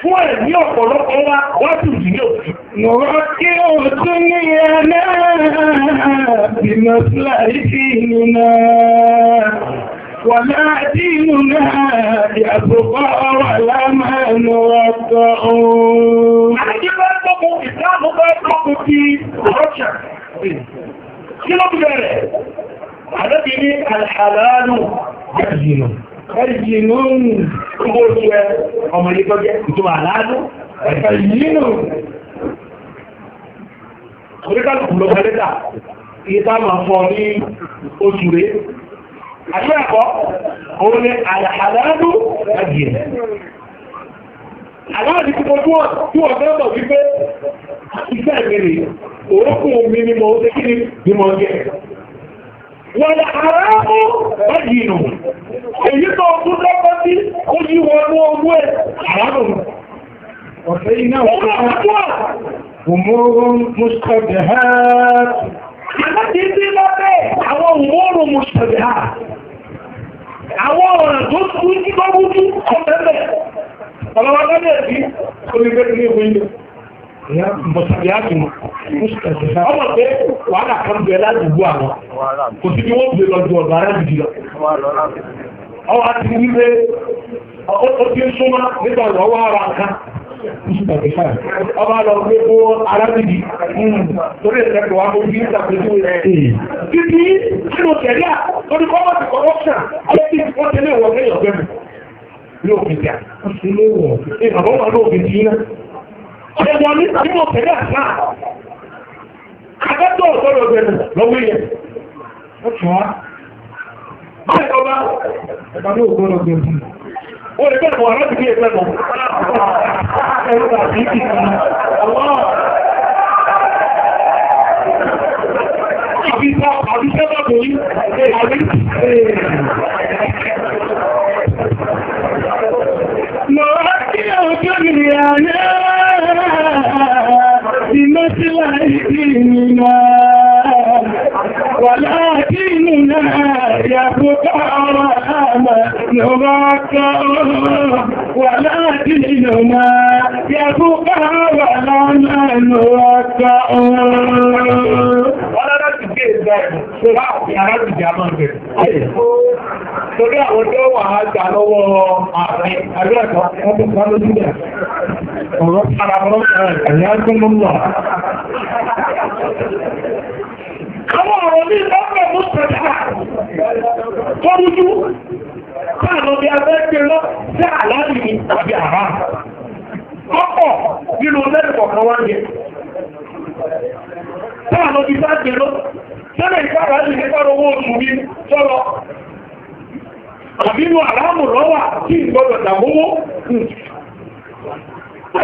fún ẹ̀mí ọ̀pọ̀lọpọ̀ wa wájú ìdílé òfin. mo rọ kí o tún ní ẹ̀nà bímọ fúláìsì nínú wàlá dínú náà yàgbọ́gbọ́ ọ̀rọ̀ lámàánú ọ̀tọ̀ òun. àdíjẹ́ gbogbo ìdáàbò bá gbogbo ti ọ̀ṣà kí ló bẹ̀rẹ̀ àdẹ́bí ní alhàlálù ẹ̀jìnà ẹ̀jìnà gbogbo oṣù ẹ ọmọ ilé tọ́jẹ́ ìtumọ̀ àlálù ẹ̀jìnà oríkàlùkù lọ pẹ̀lẹ́ta iye tá máa fọ ní oṣù rẹ̀ àti ẹ̀kọ́ òun ni alhàlálù ẹ̀jìnà aláàdì tí mo tí wọ́n fẹ́ mọ̀ wípé iṣẹ́ mi rè orókùn mi ni mo ṣe kí ni mo jẹ́ wọ́n àrámú ẹgbìnù èyí tó ọdún lọ́pọ̀ sí ó yí wọnú owó ẹ̀ àrámù ọ̀fẹ́ iná ọ̀pọ̀ àpọ̀ òmòrò mùsùlùmí àti tí lọ́pẹ́ àwọn òmòrò mùsùlùmí àwọn ọ̀rọ̀ tó tún jí ìyáàtù ọmọ pé wàhálà kan bẹ̀rẹ̀ ládùúgbò àwọn kò lọ ti nígbà lọ torí bí tẹ̀lé ọ̀rẹ́wọ̀n ní ìmọ̀ pẹ̀lú àṣà akẹ́tọ̀ ọ̀gbẹ̀rẹ̀ lọ́wọ́ yẹn ọ̀tún wá báyìí ọba ẹ̀bá ní ògbọ́rọ̀ ọ̀gbẹ̀rẹ̀ ó lè bẹ̀rẹ̀ wọ́n láti bí ẹgbẹ́ wọn ẹ̀rọ àti إلى قبرنا بمثل أيدينا ولكن يا فقار آمن غاكر ولا ديننا يا فقار آمن غاكر ولا رجل جيد Torí àwọn tó wà á jà lọ́wọ́ ààrẹ àríwẹ̀kọ́ ọdún kan lójú rẹ̀. Ọ̀rọ̀ ara ọ̀rọ̀ ẹ̀yà tó mọ́ lọ. Àwọn ọ̀rọ̀ ní ìlọ́ Tọ́rújú, káàlọ́ bí a fẹ́ gbé lọ sí àláàrí ní tàbí àrá. Ọ̀pọ̀ nínú lẹ́rìnkọ̀ kan wá ń jẹ. Káàlọ́ bí bá gbé lọ, sẹ́lẹ̀ ìpára ní ẹgbẹ́rọ owó oṣù mi sọ́lọ. Àbínú àrámù lọ́wà tí ìgbọ́dọ̀ dàmówó.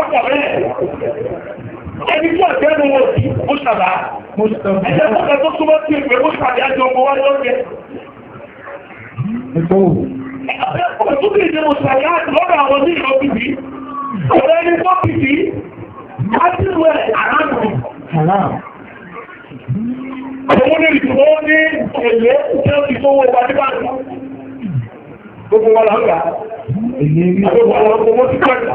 Ọ̀pọ̀ bẹ́ẹ̀ ẹni tí ọ̀tẹ́ mú wọ́n sí mọ́ṣàbá ẹjẹ́ pọ́kẹ́ tó súnmọ́ sí ìpé mọ́ṣàbá àjọ ọmọ wá lọ́rẹ́ ọ̀túnbí ìdí mọ́ṣàbá lọ́rọ̀ àwọn ní ìrọ́bìbí ọ̀rẹ́ ní pọ́pìtì látìwẹ̀ àrákùnrin Àwọn ní ìtùwọ́ ní èlé jẹ́ ìfowó ìpàdébàdì. Gbogbo wa lọ́gbà. Àwọn ọmọ ti kọ́ta.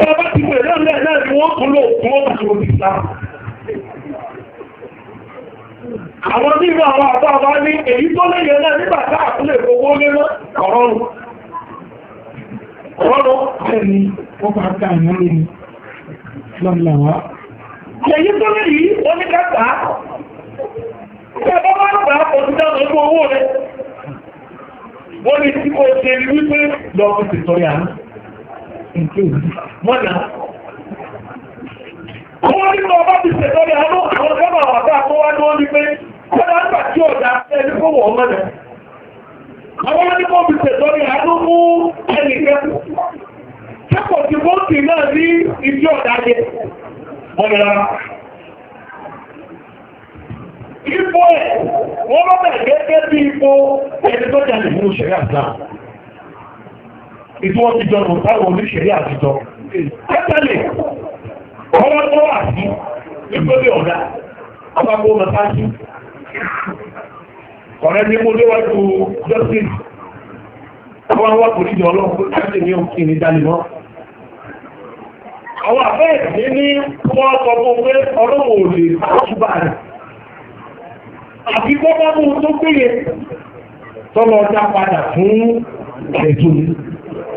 Ọba ti pè lẹ́lẹ́ náà ni wọ́n kò lò fún ọba tó ti sá. Àwọn nínú àwọn àbá bá ní èyí tó lẹ́yẹ náà nígbà táà tó lè fowó lé náà kọ̀rọ̀rùn. Kọ̀rọ̀rùn ẹni ó bá ká ìyá lé ní lọ́nlọ́wọ́. Èyí tó lè yìí wọ́n ní kẹta. Ṣé bá máa ń gbà á pọ̀jù dáná ojú owó rẹ̀? Wọ́n ní tí kò ṣe wípé lọ́ọ̀kùn nǹkan ìlú wọ́n nà àwọn nípa ọba ti ṣẹ̀tọ́ ní àwọn àwọn ọmọ àwàdá tó wá ní wọ́n ní pé kọ́nà ń gbà tí ọ̀dá ẹni kó wọ̀ ọmọ náà àwọn nípa ọba ti ṣẹ̀tọ́ ní àánú mú ẹnì kẹ́kù kẹ́kọ̀ọ́ ti bóńkì náà ní ìdí ọ̀dá jẹ wọ́n ni rárá ipò ẹ̀ wọ́n lọ́bẹ̀ gẹ́gẹ́ bí ipò ẹni tó jà lè mú ṣẹ̀rí ìdúwọ́ ti jọ nù táwọn oníṣẹ̀rí àtijọ́ tẹ́tẹ́lẹ̀ ọwọ́ tó wà sí ìgbébé ọ̀dá ọgbàgbó mẹ́tàájú ọ̀rẹ́ ní mo léwájú justice àwọn àwọn àpòlíjọ ọlọ́pọ̀ láti ní òkè ní dánimọ́ àwọn àfẹ́ẹ̀sì ní wọ́n sọ fún pé ọlọ́pọ̀ ò lè ṣúgbà rẹ̀ àti kọ́kọ́ mú tó péye tọ́lọ ọjà padà fún ẹ̀tùnú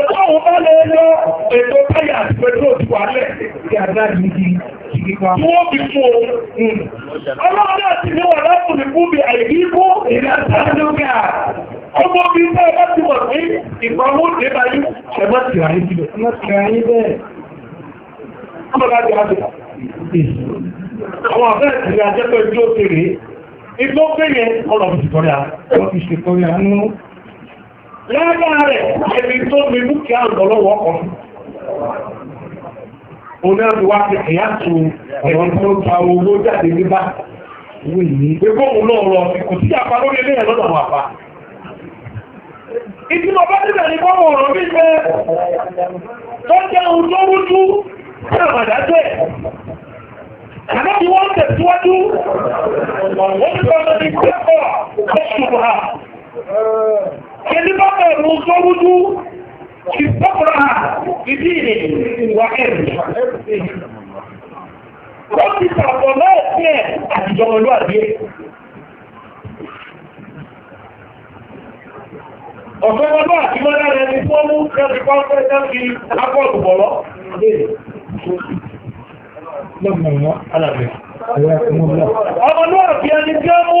Ọlọ́run bá lè lọ ètò táyà àti pẹ̀lú òtù alẹ́ ti àdá gidi ìgbìkọ́. Tí wọ́n fi fún ohun. Hmm. Ọlọ́run náà ti ní wà lápùn ní fún bí àìdíkó ìrìnàtàdógà. Ọmọ bí bá ẹgbẹ́ ti mọ̀ sí ìgbàmú dé báyú. Ẹgbẹ́ ti rà ní bíbẹ̀. Ẹgbẹ́ ti rà ní bẹ́ẹ̀. Ọmọ bá jẹ́ àjẹ́. Àwọn àbẹ́ ìrìn àjẹ́ pẹ̀lú òkèrè. Igbó gbé yẹn lára rẹ̀ ẹni tó mi dúkìá ọ̀dọ̀lọ́wọ́ ọkọ oní ọdún wá ti tó tó ń owó jáde gbogbo òun kò sí àpá lórí ilé ẹ̀ lọ́dọ̀ wà pa bá nígbà ní kọ́mọ̀ ọ̀rọ̀ mi pé tó jẹ́ ohun tó rújú كلمة الرسول تفقرها بدينه وعرضه wọ́n ti sàpọ̀ lọ́ọ̀sí ẹ̀ àtijọ́ olúwàbí ẹ̀. ọ̀fẹ́ ọlọ́ àti mọ́lá rẹ̀ ti fọ́ mú kẹ́sì pọ́ńpẹ́ sẹ́fì akọ́ọ̀tù bọ̀lọ́ ọmọ náà bí ẹni tí ó mú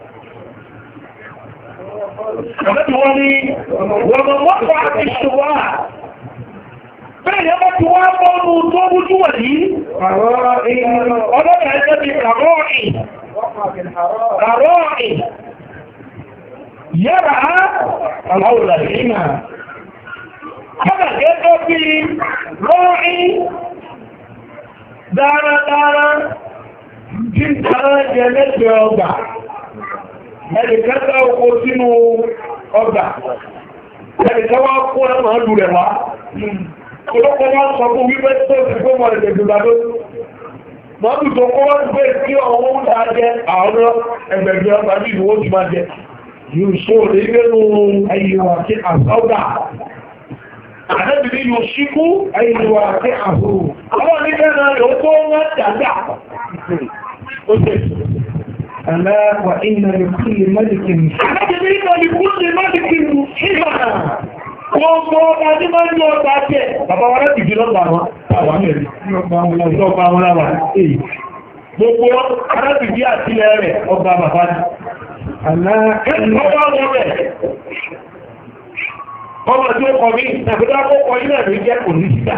Àbẹ́bí wọ́n ní wọ̀mọ̀ wọ́pọ̀ àti ṣùwà. Bẹ́ẹ̀ yẹ́ bá ti wá bọ́ọ̀lù tó bújú wà yìí. Ọlọ́rẹ̀ ẹgbẹ́ ti kàrọ́ọ̀ì. Kàrọ́ọ̀ì. Yẹ́ra aláwòlà ìrìnà. Kọ́nà gẹ́gẹ́ bí rọ́ọ̀ì dáradára tí tàrà jẹ lẹ́gbẹ̀ẹ́ ọgbà. ẹnìkẹta oko sínú ọgbà ẹnìkẹwà kó ẹmà lù rẹ̀ wá olóko wá sọ fún wípé tó ti kó mọ̀ ẹ̀dẹ̀ gbàdó mọ́tù tó kó wá gbé tí ọwọ́ ń ta jẹ àwọn ẹgbẹ̀gbẹ̀ ọgbà bí ìwọ́ ti máa jẹ yóò sọ lè nínú ẹ̀yìnwá sí àsọ́gbà àdẹ́bìnrin yóò ṣíkú ẹ̀yìnwá sí àbúrò àwọn oníkẹ́ náà yóò kó ألا وإن لكل ملك أجل إن لكل ملك حكمة Gbogbo ọba ní máa ń lọ ọba jẹ́. Bàbá wa láti jù lọ́gbà wọn. Àwọn mẹ́rin. Lọ́gbà wọn láwà. Gbogbo láti jí àtílẹ̀ rẹ̀ ọba bàbá jù. Àlá ọba wọn rẹ̀. Ọmọ tí ó kọ̀ mí, àbúdá kó kọ ilẹ̀ rí jẹ́ kò ní síta.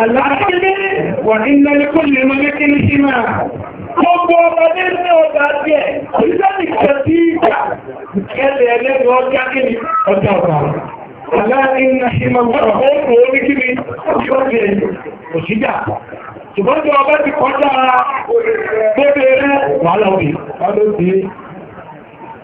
Àlàáfíní wà nínú ẹkú lè mọ́ lékí ní sí máa. Gbogbo ọba ní ní ọjà díẹ̀, ìjọ́ nìkẹ́ sí ìjà, ẹlẹ̀ ẹlẹ́gbẹ̀ ọjà kí ni ọjà ọ̀pá. Àlàáfíní na ṣe máa wọ́n ọ̀pọ̀ orí kí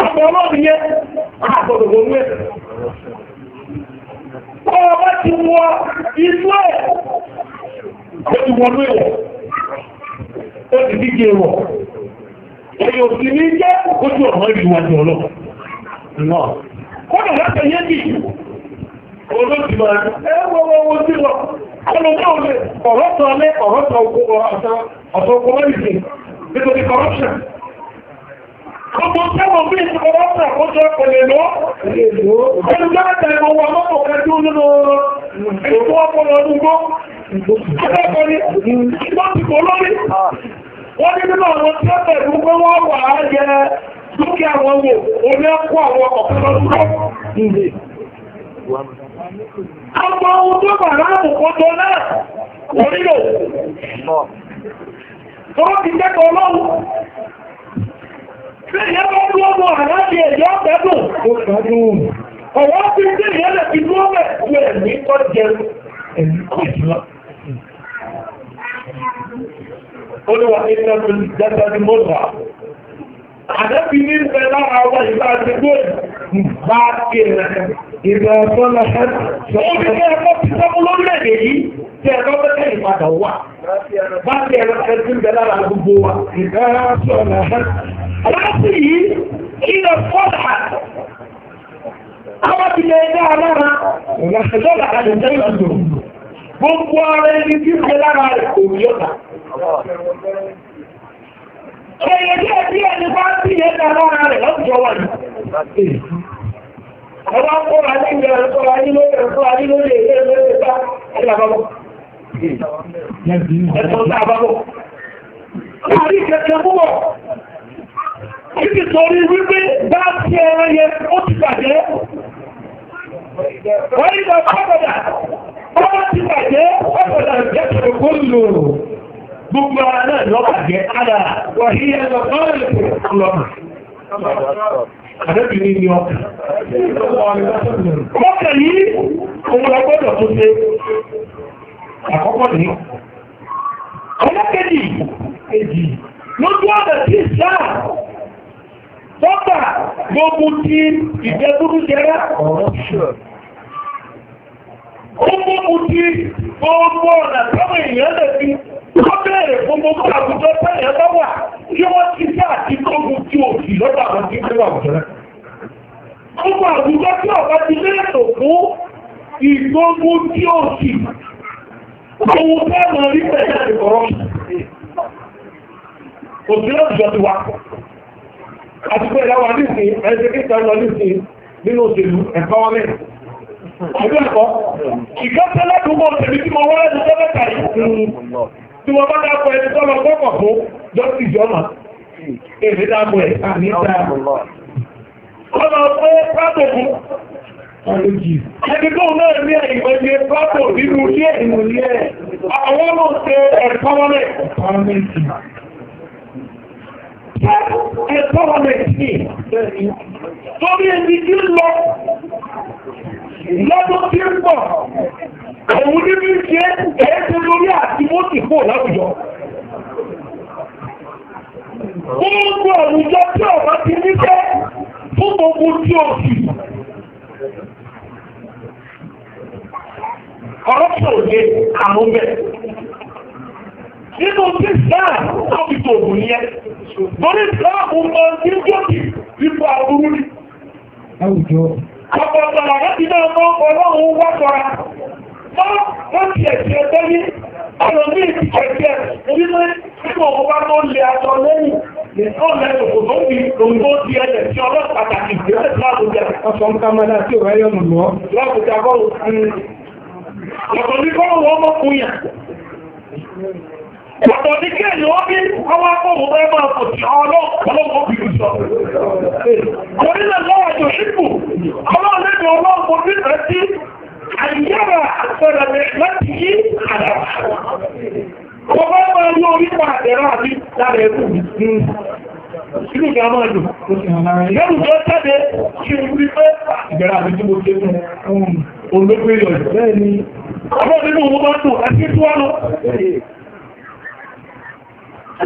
Àpọ̀ ọlọ́run yẹ àgbọ̀dọ̀gbọ̀ ń wẹ̀. Ọwọ́ bá ti wọ inú ẹ̀, ó ti wọ inú ẹ̀wọ̀, ó ti díje ẹ̀wọ̀. Ẹ̀yọ̀ sì ní jẹ́ ojú ọ̀nà ìwájú ọlọ́run. Kọ́nà láti yé bì, olóòtú máa ń ẹwọ́wọ́wọ́ sí lọ. Ọlọ́gbọ́n ọ̀rọ̀ tọ́lé ọ̀rọ̀ tọ́ ọkọ̀ ọ̀tọ̀ ọkọ̀ mẹ́rin nítorí corruption. Gbogbo tẹ́wọ̀n bí ìsìnkọ̀wọ́ ọ̀sẹ̀ àkójọ ọ̀pẹ̀lẹ̀ lọ, ẹnu lọ́rẹ̀ta tí ìyẹ́ bá dúró mọ́ àláti ẹ̀yọ́ gbádùn ó gbádùn ọ̀wọ́ ti tí ìyẹ́ lẹ̀ fi dúró mẹ́ ju ẹ̀mí kọ́ jẹun ẹ̀mí kọ́ jùlọ. Olúwa iná tó dáadáa ni mo rà. Àdẹ́bí ní ń bẹ lára wa ìgbà àti gbé bá kí ẹ̀rẹ́ Ìgbà tọ́lá Àwọn ti lè dá alára, ìrọ̀sẹ̀lọ́lá àdìjẹ́ ìlọ́dò. Gbogbo ara ẹni tí ó lára rẹ̀ kò rí ọ̀tà. Ẹ̀yẹ̀ díẹ̀ díẹ̀ ni bá ń bí ẹ̀dà lára rẹ̀ lọ́pùjọ wà ní ọba kó ra ní ìgbà ẹ̀kọ́ ayé lórí ẹ̀kọ́ ayé lórí èdè lórí ẹ̀kọ́ jẹ́ ara náà lọ́bàjẹ́ ara wọ̀nyí àdẹ́bìnrin ni ọkà mọ́kẹ̀ yìí ohun ọgbọ́dọ̀ tó ṣe àkọ́kọ́ ní ọlọ́kẹ́jì èjì lójú ọ̀dọ̀ tí sáà tọ́ta gbogbo tí ìjẹ́búrú jẹ́rá ọ̀rọ̀ wọ́n bẹ̀rẹ̀ gbogbo àwùjọ tẹ́lẹ̀ ẹ̀bá wà kí wọ́n ti fẹ́ àti gbogbo tí ó sì lọ́dọ̀ àwọn tí ó wà àwùjọ rẹ̀. gbogbo àwùjọ tí ọ̀gá ti lẹ́ẹ̀tọ̀ fún ìgbógbó tí ó sì ohun tẹ́ mọ̀ rí pẹ̀lú ìkọ̀rọ̀ kò sí lọ́dọ̀ ti wà. àti pé ìdáwà nísìn ẹ̀ṣẹ̀ kíkà lọ nísìn nínú òṣèlú empowerment Ọjọ́ ẹ̀kọ́, ìgbẹ́sẹ̀lẹ́dùn mọ́ tẹ̀lé tí mo wọ́n rẹ̀ ní tẹ́lẹ̀kà yìí tí wọ́n bá dákọ̀ ẹni tọ́lọ gbọ́kọ̀ fún jọ́sì jọ́mà èdè dákọ̀ ẹ̀ àmì dáàbò ọmọ ọmọ pátò fún ẹni tó náà ní ìgbẹ̀jẹ̀ pátò nínú ilé ìmúlẹ̀ àwọn ọmọ ṣe ẹ̀pọ́wọ́lẹ̀ ẹ̀pọ́wọ́lẹ̀ sí torí ẹni tí lọ lọ́dún tí ń bọ̀ Òun ní bí ẹ̀ẹ́sẹ̀ lórí àti mọ́tì pò láwùjọ. Gbogbo àwùjọ tí ọ̀rọ̀ ti níṣẹ́ fún gbogbo tí ó sì. Ọ̀rọ̀pọ̀ òye àwọn bẹ̀. Nínú tí sáà ọ̀bí tó ògùn yẹn, lórí sáà mo mọ ní gbòdì ipò àbúrú ni. Àwùjọ. Ọ̀pọ̀ ọ̀sọ̀rọ̀ láti náà mọ́ ọlọ́run wá wọ́n ti ẹ̀sìn ẹgbẹ́ ní ọ̀nà ní ìpìkẹ̀kẹ́ wípé nígbà ọmọ bá tó lè aṣọ lẹ́yìn ní ọ̀nà ìlòkò tó fi òǹgbó di ẹ̀jẹ̀ tí ọlọ́pàá pàtàkì ìgbésẹ̀ láti jẹ ọ̀sán kámẹ́lá tí ò ráyọ̀ nù lọ. lọ́kùnrin kọ́rù ọ̀tọ̀ ní kọ́rù wọ́n mọ́kùnyà ọ̀tọ̀ ní kí èyí wọ́n bí ọwọ́ akọ́wọ́ bẹ́ẹ̀ máa kò tí ọlọ́pọ̀ bí i sọ. orílẹ̀ lọ́wọ́ أن يرى أثر نعمته على Ọgbọ́n máa ní orí pàdẹ̀rọ àti lára ẹkùn ìlú ìgbà máa lò. Lẹ́rù tó tẹ́lẹ̀ ṣe orí pé ìgbẹ̀rẹ̀ àti tí mo ṣe fún olóògbé yọ̀ bẹ́ẹ̀ ni. nínú owó máa tó àti tí wọ́n lọ.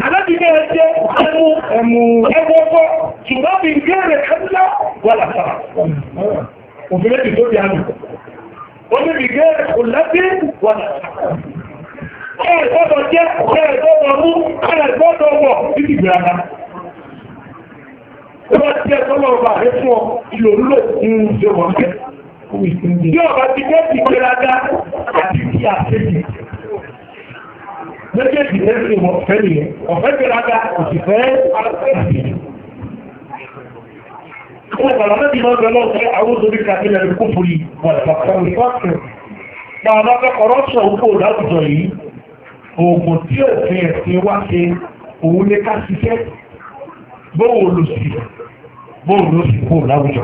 Àlábìnrin ẹjẹ́ ẹmú ẹmú ẹgbọ́gbọ́ ṣùgbọ́n bí gẹ́rẹ̀ ẹmú lá oníbìgẹ́ òlẹ́bí wọ̀nà ẹ̀ẹ̀gbọ́dọ̀ jẹ́ ẹ̀ẹ̀gbọ́dọ̀ mú ẹ̀ẹ̀gbọ́dọ̀ wọ̀ títì gbìyànà tó bá ti jẹ́ tọ́lọ̀ ọba rẹ̀ fún ọ ìlò lò ń jẹ wọ́n jẹ́ bí ọba ti jẹ́ ti gbéraga àti kí àṣẹ́jì méjèèjì lẹ́sìn ọ̀fẹ́ nìyẹn ọ̀fẹ́ gbéraga òsìfẹ́ àṣẹ́jì wọ́n bàbá láti máa bẹ̀rẹ̀ lọ́wọ́ pé àwọn òṣèré kàfílẹ̀ rẹ̀ kún fúri bàbá fẹ́ kọ̀rọ́ṣọ̀ òkú láwùjọ yìí oògùn tí ò fẹ́ ẹ̀sìn wá ṣe òun lè ká ṣiṣẹ́ bóòwò ló sì bóòwò ló sì kú láwùjọ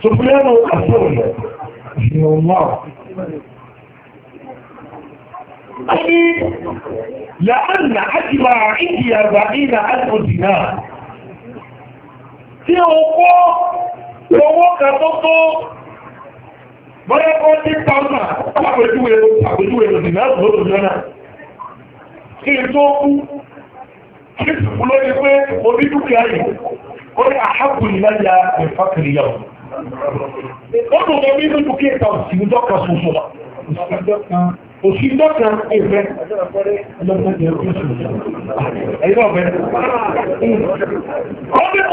sọfúnlẹ́nu àṣọ́rẹ̀ tí owó owó kan tó tó bọ́yẹ́ kọ́ tí pàmà àpèjúwe àpèjúwe lòdìnà lòdò lọ́nà kí n tó kú kí sùkú ló ní pé orí dúkìá yìí ó ní àhápù ìlàjà ìfàkìrì yàwó ó dùn mọ́ nínú dúkìá ìtàkùn sí ìjọ òṣìṣẹ́ kan ẹ̀fẹ́ ẹ̀yọ́ ọ̀fẹ́ ọdún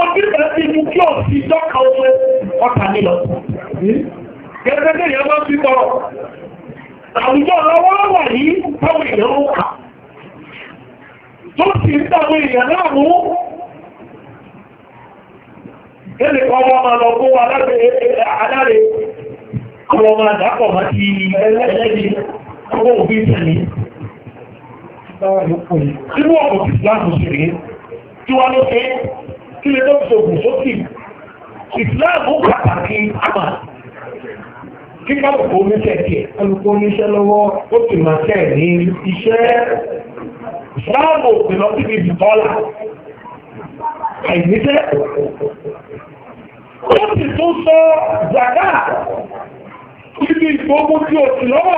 ọdún ti mú kí òṣìṣẹ́ kan ọmọ ọ̀tà nílọ gẹ́gẹ́gẹ́ ìyá bá fi tọrọ àwùjọ lọ́wọ́ wà ní táwọn èèyàn ń kà tó sì ń táwọn èèyàn náà mú ẹlẹ́ kan wọ́n máa lọ fún wa eh, eh, eh, aláre àwọn ọmọ àdápọ̀ máa ti ẹlẹ́gbẹ̀ẹ́ ọwọ́ òbí tẹ̀lé inú ọ̀rọ̀ ìsìláàmù sí rí tí wọ́n ló ṣe kí lè ló ṣògùn sókè ìsìláàmù pàtàkì àmà kí kálùkù oníṣẹ́ tiẹ̀ kálùkù oníṣẹ́ lọ́wọ́ ó sì máa tẹ̀ ní iṣẹ́ ìsìláàmù òpinlọ́ sí ibi bọ́lá àìníṣẹ́ ó sì tún sọ zàdá ibi ìgbógun tí ó sì lọ́wọ́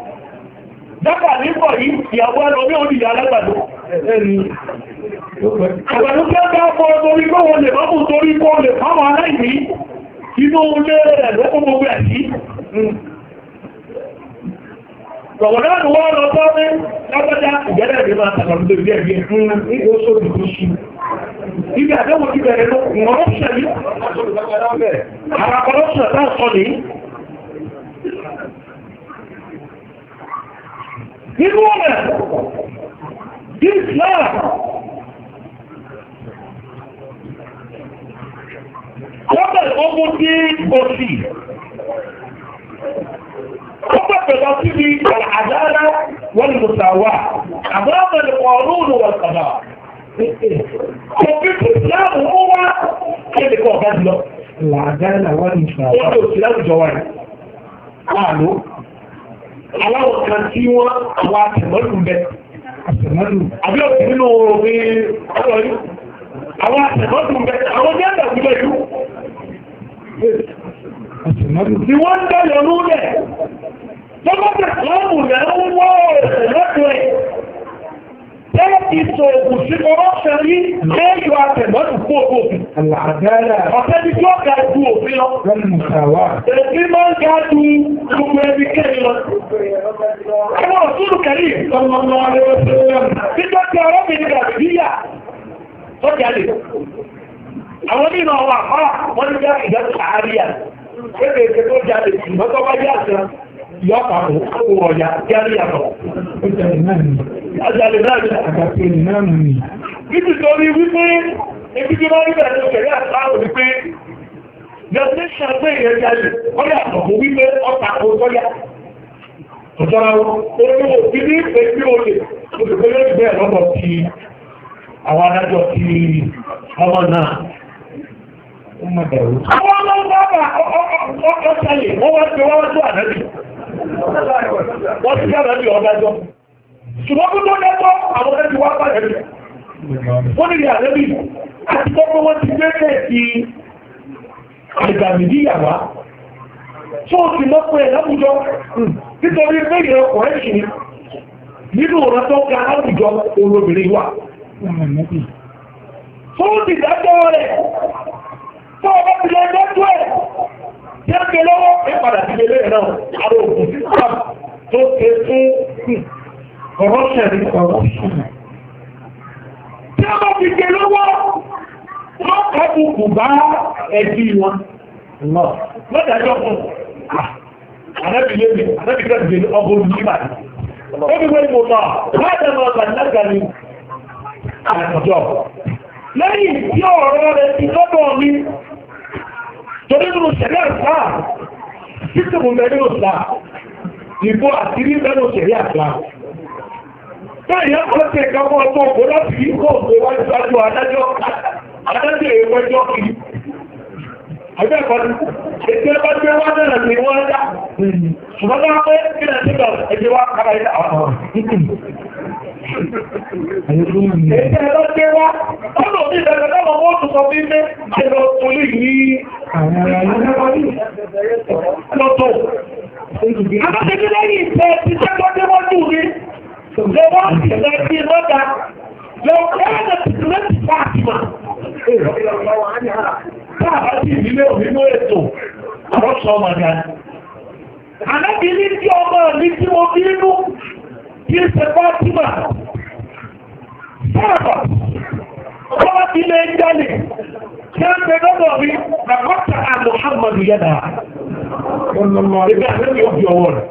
Dákà nígbọ̀ yìí, ìyàwó ẹ̀rọ ní orí alágbàdo. Àgbàdo kí ó dá ọkọ̀ torí kó wọlé mọ́kù torí kó lè fáwọn aláìní, inú ilé rẹ̀ lókó gbogbo ẹ̀ sí. Rọ̀wọ̀dá ni wọ́n lọ tọ́ ní lágbàdá ìgbẹ́lẹ̀ rẹ̀ máa tàbí tó bí ẹ̀bí ẹ̀kún ní ó sóbi tó sí. Ibi àdẹ́wò ti bẹ̀rẹ̀ ló wọ́n ṣẹ̀lú. Àwọn akọlọ́ṣẹ̀ náà nínú ọ̀nà islam lọ́pẹ̀ ọmọ dé òsì ọpẹ́ pẹ̀lú síbi àdára wọ́n mùsàwà àbábẹ̀lẹ̀ ọ̀rún wọ́n kàdà òfin islam ó wá kẹ́lẹ̀kọ́ ọ̀gá jùlọ làádára wọ́n mùsàwà ó lè òsì láwùjọ wáyé aláwọ̀ kan tí wọ́n àwọn àtẹ̀mọ́lù bẹ àbí òtí nínú omi ọlọ́yún àwọn àtẹ̀mọ́lù bẹ àwọn ní àgbà gbígbẹ̀ yú ni wọ́n ń dẹ̀lẹ̀ lóòrẹ̀ lọ́gbọ́n That is so emotionally where you are the one who you open. Ọ̀sẹ̀ ti tí ó ga ju òfin lọ. Èmi máa ń ga ju gbogbo ẹbí kẹ́lì lọ. Ẹwọ́ òṣùlù kẹ́lì ọmọ Títọ́ ti ọlọ́bìnrin Nàìjíríà tó jẹ́lẹ̀. Àwọn nínú ọwọ́ àpá wọ́n ní jẹ́ ìjọ́ yọ́pàá kò ọ̀yà kí a rí àtọ̀. Àjàlè náà ni. Àjàlè náà ni. Títí torí wípé ebi tí wọ́n rí bẹ̀rẹ̀ kẹ̀rí àtàrò ni pé Destination pé ìyẹn jalè, wọ́n yà sọ fún wípé ọ̀tà òótọ́ yá. Ọ̀tọ́ra wọn, olówó ti ní ìpè tí ó lè, olùgbé yóò bẹ̀rẹ̀ lọ́dọ̀ ti àwọn adájọ́ ti ọmọ náà ọmọ dàrú. Àwọn ọmọ ń bọ́bà ọkọ̀ sẹ́yìn, wọ́n wá pé wọ́n wá tó ànábì. Wọ́n ti dára bí ọdájọ́. Ṣùgbọ́n tó tó lẹ́tọ́ àwọn ẹbí wá pàdé rẹ̀. Wọ́n nílé ànábì àti kọ́kọ́ wọ́n ti gbé kẹ́ẹ̀kì àìgbàmìdí yàrá. Tó o sì mọ́ pé ẹ̀ láwùjọ nítorí pé ìyẹn ọkùnrin ṣì ní. Nínú ọ̀rọ̀ tó ga láwùjọ olóbìnrin wà. Tó o sì dájọ́ rẹ̀ tó ọmọ ti lè lọ́jọ́ ẹ̀ tí ó gbé lọ́wọ́ ẹ padà sí ilé náà àrò òkú sí sáà tó ṣe fún hmm, corruption ní corruption tí ó bá ti gbé lọ́wọ́ wọ́n kọ́kù kù bá ẹbí wọn lọ lọ́dájọ́ fún àrẹ́bìnrin àrẹ́bìnrin ọgbọ̀n nígbà ó bí wọ́n mọ̀ náà láti ẹ̀mọ̀ ọ̀gbà nígbà ní àjọ lẹ́yìn tí ọ̀rọ̀ rẹ̀ ti lọ́dọ̀ mi torí nínú ṣẹ̀lẹ̀ àṣà títùmù mẹ́rin òṣà ìbò àtìrí mẹ́rin òṣèré àṣà báyìí ọ̀pọ̀lọpọ̀ ìkàwọ́ ọgbọ́n kò láti yíkọ́ òṣèwájú adájọ́ adájọ́ èèwẹ́jọ́ kìí Àjẹ́kọ̀ọ́dún, ẹgbẹ́ bá gbé wá náà ní wọ́n dá. Ṣùgbọ́n bá pé kí náà tí lọ ẹgbẹ́ wá kára ilẹ̀ àwọn ọ̀rọ̀. Ẹgbẹ́ bá gbé wá, ṣe lọ tó lè ti tẹ́gbọ́dé wọ́n dùn ní, lọ́wọ́ ìfẹ́ káàbá sí ìdílé òmínú ètò àrọ́sọ ọmọdé ànábì ní tí ọmọ ní tí mo bí inú kí ń ṣe fátímà sáàbà ọmọ ti lè jalè kí ń ṣe lọ́dọ̀ mi àkọ́ta àmùhàmmadù yẹ́dà ẹgbẹ́ ànábì òbí ọwọ́ rẹ̀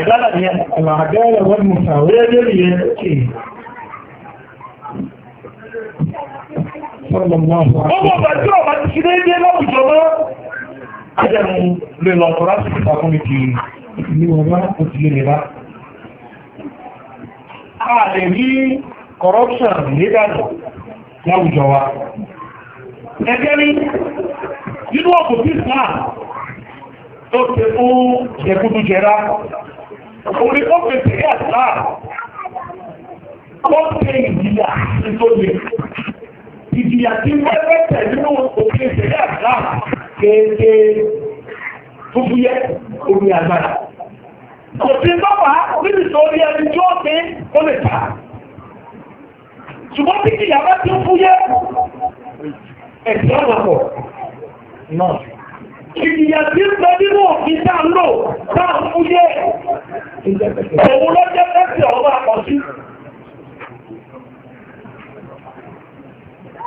Ìdálà ni ẹ̀. Àlàgẹ́rẹ̀ wọ́n mú sàwọ́. Ẹgbẹ́ ni ẹ̀. Ọmọ ọ̀gbà tí ọ̀gbà ti fi déédé láwùjọ mọ́, ajẹ́nu lè lọ tọ́rá sí ìta fún mi kìí ní ọ̀rá kò ti lè rá. A lè rí corruption nígbàdàn láwùjọ wa. Ẹgẹ́ ní, nínú ọkọ̀ tí Islam tó ti fún ẹkùnrin jẹra, orí ìjìyà tí wẹ́wẹ́ pẹ̀lú òkè ìṣẹ̀lẹ̀ àgbà kéèké fúfúyẹ́ omi àgbàrà kò tí ń bọ́pá nínú ìṣòrí ẹni tí ó pín ó lè ta ṣùgbọ́n tí ìyà bá tí ń fúyẹ́ ẹ̀sìn ọ̀nà pọ̀ náà ìjìyà tí ń bẹ nínú òfin tá ń lò tá ń fúyẹ́ òun ló jẹ́ fẹ́sì ọ̀rọ̀ àkọsí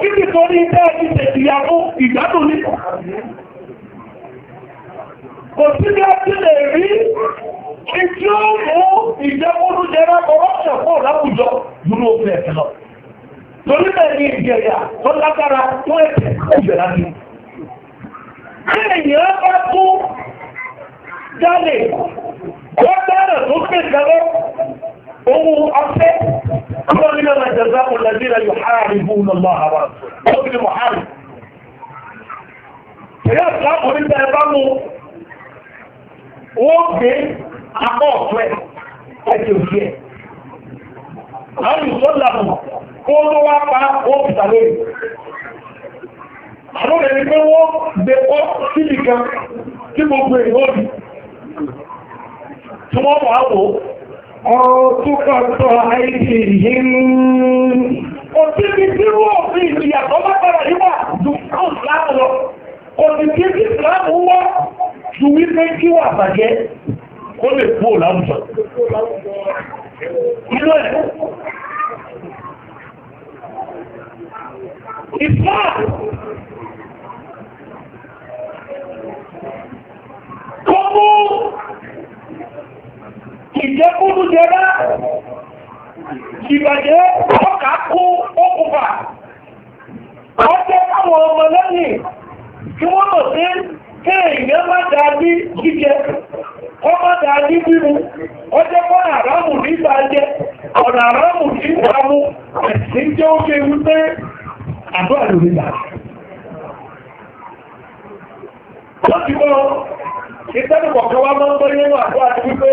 kí ni tó ní bẹ́ẹ̀ ti ṣe ìyàwó ìgbádùn ní kò sí bí a ti lè rí ìjú mú ìjẹ́kúrú jẹ́rẹ́ ọ̀rọ̀ṣẹ̀ pọ̀ láwùjọ dúró fẹ́ ẹ̀fẹ́ lọ torí bẹ́ẹ̀ ni ìjẹ̀yà tó lágbára tó ẹ̀fẹ́ ìjẹ̀ láti kí èèyàn bá tó jálè ó bẹ̀rẹ̀ tó pè jẹ́rẹ́ ohun afẹ́ الله إنما جزاء الذين يحاربون الله ورسوله قبل محارب فيبقى أقول إذا يبقى وقف أقوف أجل Àwọn ìṣọ́làmù kó ló wá pa wọ́n pìtàlẹ́. Àwọn ẹni pé wọ́n gbé ọ́ sílì kan tí gbogbo èèyàn rí. Tí wọ́n wà wò أو تقطع أيديهم òtítí tí wọ́n fi ìyàtọ̀ látara yíwà ju káùsìláàmù lọ òtítí tí ìsìláàmù wọ́ ju wípé kí wà bàjẹ́ kó lè kú òláwùjọ nínú ẹ̀ ìsìláàmù kọ́ mú ìjẹ́kúrú jẹba ìbàjẹ́ ọkà kú ókùnfà ọjọ́ káwọn ọmọ lẹ́yìn tí wọ́n mọ̀ sí kéèyàn má dáadí jíjẹ ọmọ dáadí bímú ọjọ́ kọ́nà àrámù nígbà jẹ ọ̀nà àrámù nígbà mú ẹ̀sìn jẹ́ ó ṣe wípé àbọ̀ àlòrìlà Wọ́n ti mọ́ ń bọ́ nínú àbọ̀ àti wípé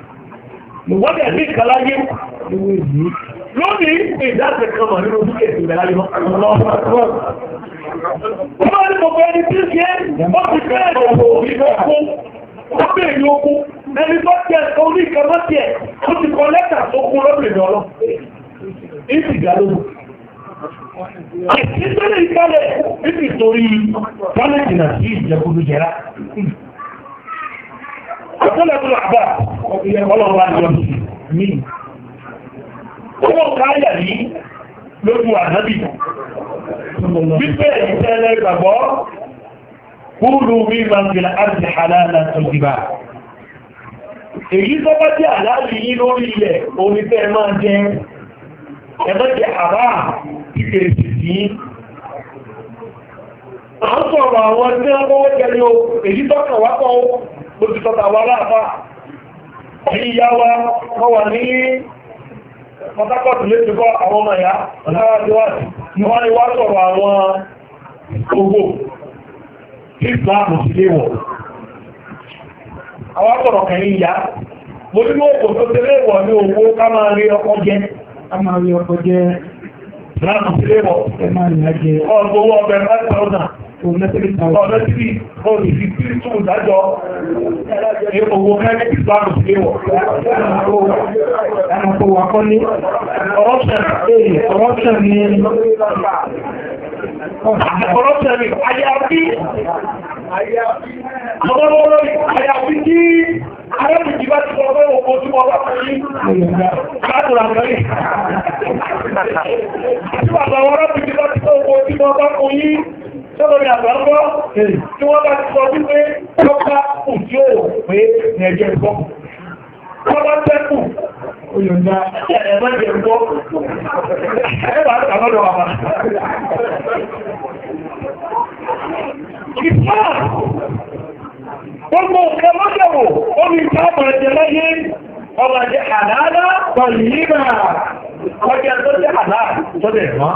ìwọ́dẹ̀ ní ìkàláyé lónìí ìdáṣẹ̀ kan mọ̀ nínú dúkẹ̀ sí ìbẹ̀lá lè mọ́ ọmọ ní gbogbo ẹni tí ṣe wọ́n ti fẹ́ ẹ̀rọ ìgbẹ́kún ó bèèrè okun ẹni tó tẹ́ orí ìkàmọ́ tí ẹ̀ ó ti kọ lẹ́tà tó kún lọ́bìnrin ọlọ́ Ìsìnkú ìkálẹ̀ ìsìnkú torí pọ́lẹ̀tì náà sí ìjẹkúrú jẹrá àtọ́lẹ̀kùn àbá ọlọ́wà jọ mí ọwọ́ káyà ní lójú ànábì wípé ìtẹ́lẹ̀ ìgbàgbọ́ kúrò mí máa ń gbìnà àti àlànà tó dìbà èyí tó bá jẹ́ àláàrí yí lórí ilẹ̀ onífẹ́ máa jẹ́ ẹgbẹ́jẹ́ àbá ìkèrèsì sí à ń sọ̀rọ̀ àwọn tí wọ́n kọ́wọ́ jẹ́ ní o èyí tó kàwákọ́ ló ti tọ́ta wà láàpá ìyá wa wọ́n wà ní pọtakọ́tù lé ti kọ́ àwọn ọmọ ìyá lára ti wá sí ni wọ́n ni wá sọ̀rọ̀ àwọn gbogbo ìsìláàmù sí léwọ̀ àwọn sọ̀rọ̀ kẹ̀yìn ìyá mo ní mọ́ tó tẹ́lẹ̀ wọ̀ ní ọ̀nà tí wọ́n fi tí tún ìdájọ́ owó kẹ́lẹ́ tí bá rùn sí wọ̀. ẹnàkó wà kọ́ ní corruption ní corruption ní àyàfí ọgọ́rọ̀lọ́ àyàfí kí arẹ́bìdì bá ti sọ̀rọ̀ òkú tí wọ́n bá fún yí látùrà mẹ́rin tí wà sọ̀rọ̀ arẹ́bìdì bá ti sọ̀rọ̀ òkú tí wọ́n bá fún yí Tọ́lọ́rí gbogbo nǹkan mọ́jẹ̀wò omi ìtàbọ̀ ẹ̀jẹ̀ láyé ọmọ ẹ̀jẹ̀ àdáadá pẹ̀lú ìgbà ọjọ́ tó jẹ́ àdáà tó jẹ́ ìwọ́n.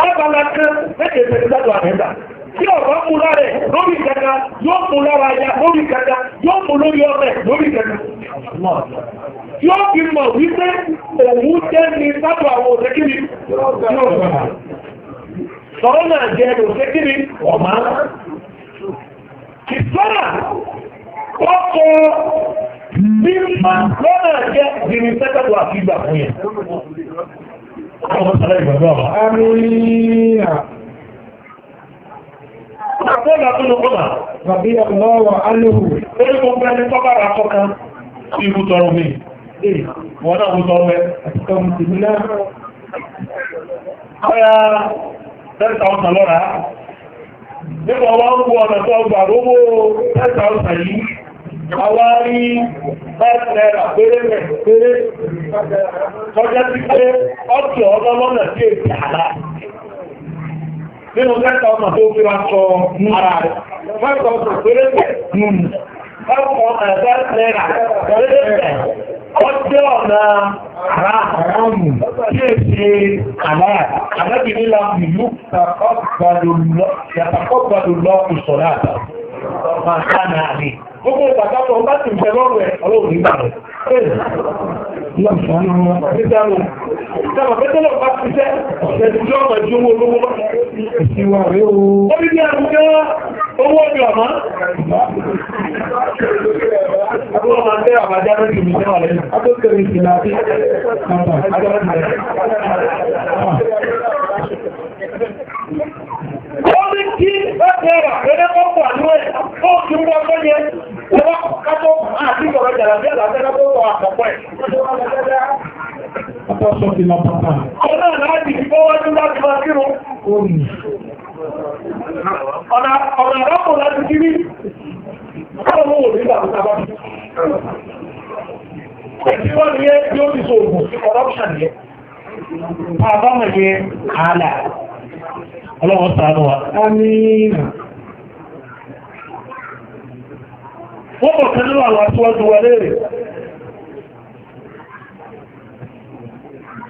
alábàlá kan mẹ́tẹ̀ ìfẹ̀sí látọ̀ àmẹ́ta tí ọ̀rọ̀ mú lára ẹ̀ lórí ìkẹta yóò mú lára aya lórí ìkẹta yóò mú lórí ọ̀rẹ́ lórí ìkẹta yóò fi mọ̀ wípé òun jẹ́ ní látọ̀ àwọn òṣèkiri sọ̀rọ̀ náà jẹ́ òṣèkiri ọ̀má kìsọ́nà ọkọ̀ mímọ̀ lọ́nà jẹ́ jìnnì sẹ́kẹ̀tọ̀ àti ìgbà fún yẹn Àwọn ọmọ sàlẹ̀ ìgbàgbọ́ àwọn. Àmìyà. Àwọn ọmọ tó lọ kọ́nà. Bàbí ọlọ́wọ̀ alóhù. Orí kò gbẹ́ni tọ́bára kọ́kan. Ibú tọrọ mi. Wọ́n náà mú tọrọ mẹ́. Àti tọrọ ti ní náà. Ọya, tẹ́ta ọ̀sán lọ́ra. Nípa ọwọ́ ń gbọ́ ọ̀nà tó gbà àwárí bẹ́ẹ̀rẹ̀ péré péré tọ́jẹ́ sí pé ọ́tí ọ̀dọ́ lọ́nà sí èsì àlá nínú mẹ́ta ọmọ tó fi wọ́n sọ ara rẹ̀ mẹ́ta ọmọ péré nù ọkọ̀ ẹ̀bẹ́ẹ̀rẹ̀ péré ọjọ́ ọ̀nà ara àrámù tí è ṣe àlá àlẹ́bìnrin láti ìlú máa ká náà Gbogbo ìgbàgbọ́ bá ti bẹ lọ́rùn ẹ̀ ọlọ́run nígbà rẹ̀. Ìjọba pẹ́tẹ́lọ̀ bá ti jẹ́ ẹ̀dùnjọ́ ọmọ ìjú owó olówó lọ. Ìwà rẹ̀ o. Ó bí bí àrùjọ owó ọ̀dọ̀ ọ̀mọ́. Àwọn ọmọ ẹgbẹ́ àwọn ajá lórí ìmìtẹ́wà lẹ́nu. Adókèrè ìsìnà àti àjọ́ aṣọ ti lọ pàtà. Ọ̀nà láti fọ́wọ́dún láti máa kírun. Ọ̀nà àrápò láti kiri. Káwọn ò rí làbúta bá. Ẹ̀sí wọ́n ni yẹ́ tí ó ti so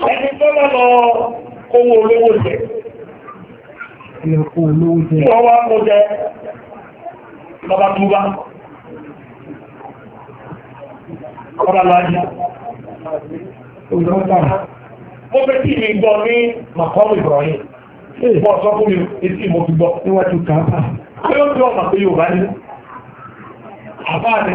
ẹni tó lọ́lọ́ kówó olówó jẹ wọ́n wá kó jẹ lọ́ba túbá ọba láàájú ó fẹ́ tí mi gbọ́ ní makọ́lù ìbọ̀nyí bọ́ sọ fún mi etí mo fi gbọ́ níwájú kàápà pé ó bí ọmọ pé yóò ní àbáà ni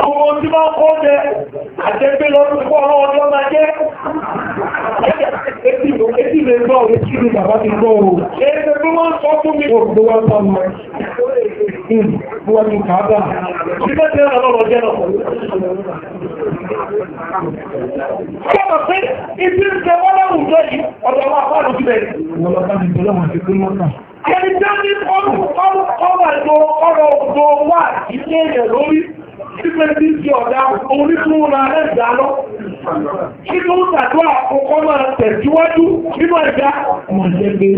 Àwọn ojú máa kọ́ jẹ àjẹ́gbé lọ́dún pọ̀ ọ̀rọ̀ ọjọ́ máa jẹ́. Ètì lè gbọ́ òun kí ni bàbá ti gbọ́ òun. Ètò tó máa ń sọ fún mi. Òkú wá sọ mọ́. Ìwọ́n hmm, wá ní kàábà. Ṣíkẹ́ tí ó lọ́rọ̀ jẹ́ lọ. Kọ́mọ̀ pé ibi ń jẹ wọ́n láwùjọ yìí, ọ̀dọ̀ wa bá lójú bẹ̀rẹ̀. Wọ́n lọ bá ti jẹ́ lọ́wọ́ àti pé mọ́ta. Ẹni jẹ́ ní ọrọ̀ ọ̀dọ̀ wà ilé rẹ̀ lórí. Títẹ́ tí ń jẹ ọ̀dá òun ní fún ọmọ rẹ̀ ìdá lọ. Nínú ìtàdúrà ọkọ̀ máa tẹ̀síwájú nínú ẹ̀dá mọ̀jẹ́gbé.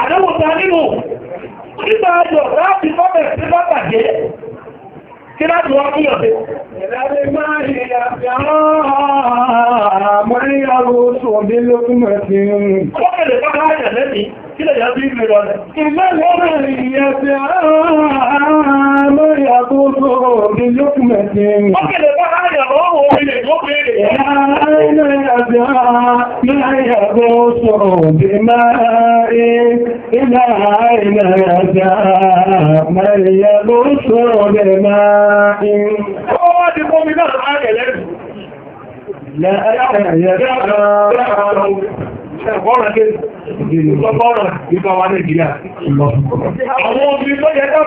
Àdẹ́wòta nínú, nígbà àjọ láti fọ́bẹ̀ sí bàbàjẹ́, kí láti wá fún ọ̀dẹ́. Ìlàlẹ́ máa ń yẹ àfihàn àmọ́ kílẹ̀ yà bí ìrìn rọrẹ̀. Ìgbẹ́gbẹ́ rẹ̀ ìyẹ̀fẹ́ àmọ́ ìyàkóso òbí lókùnmẹ̀ Àwọn obìnrin tó yẹ tó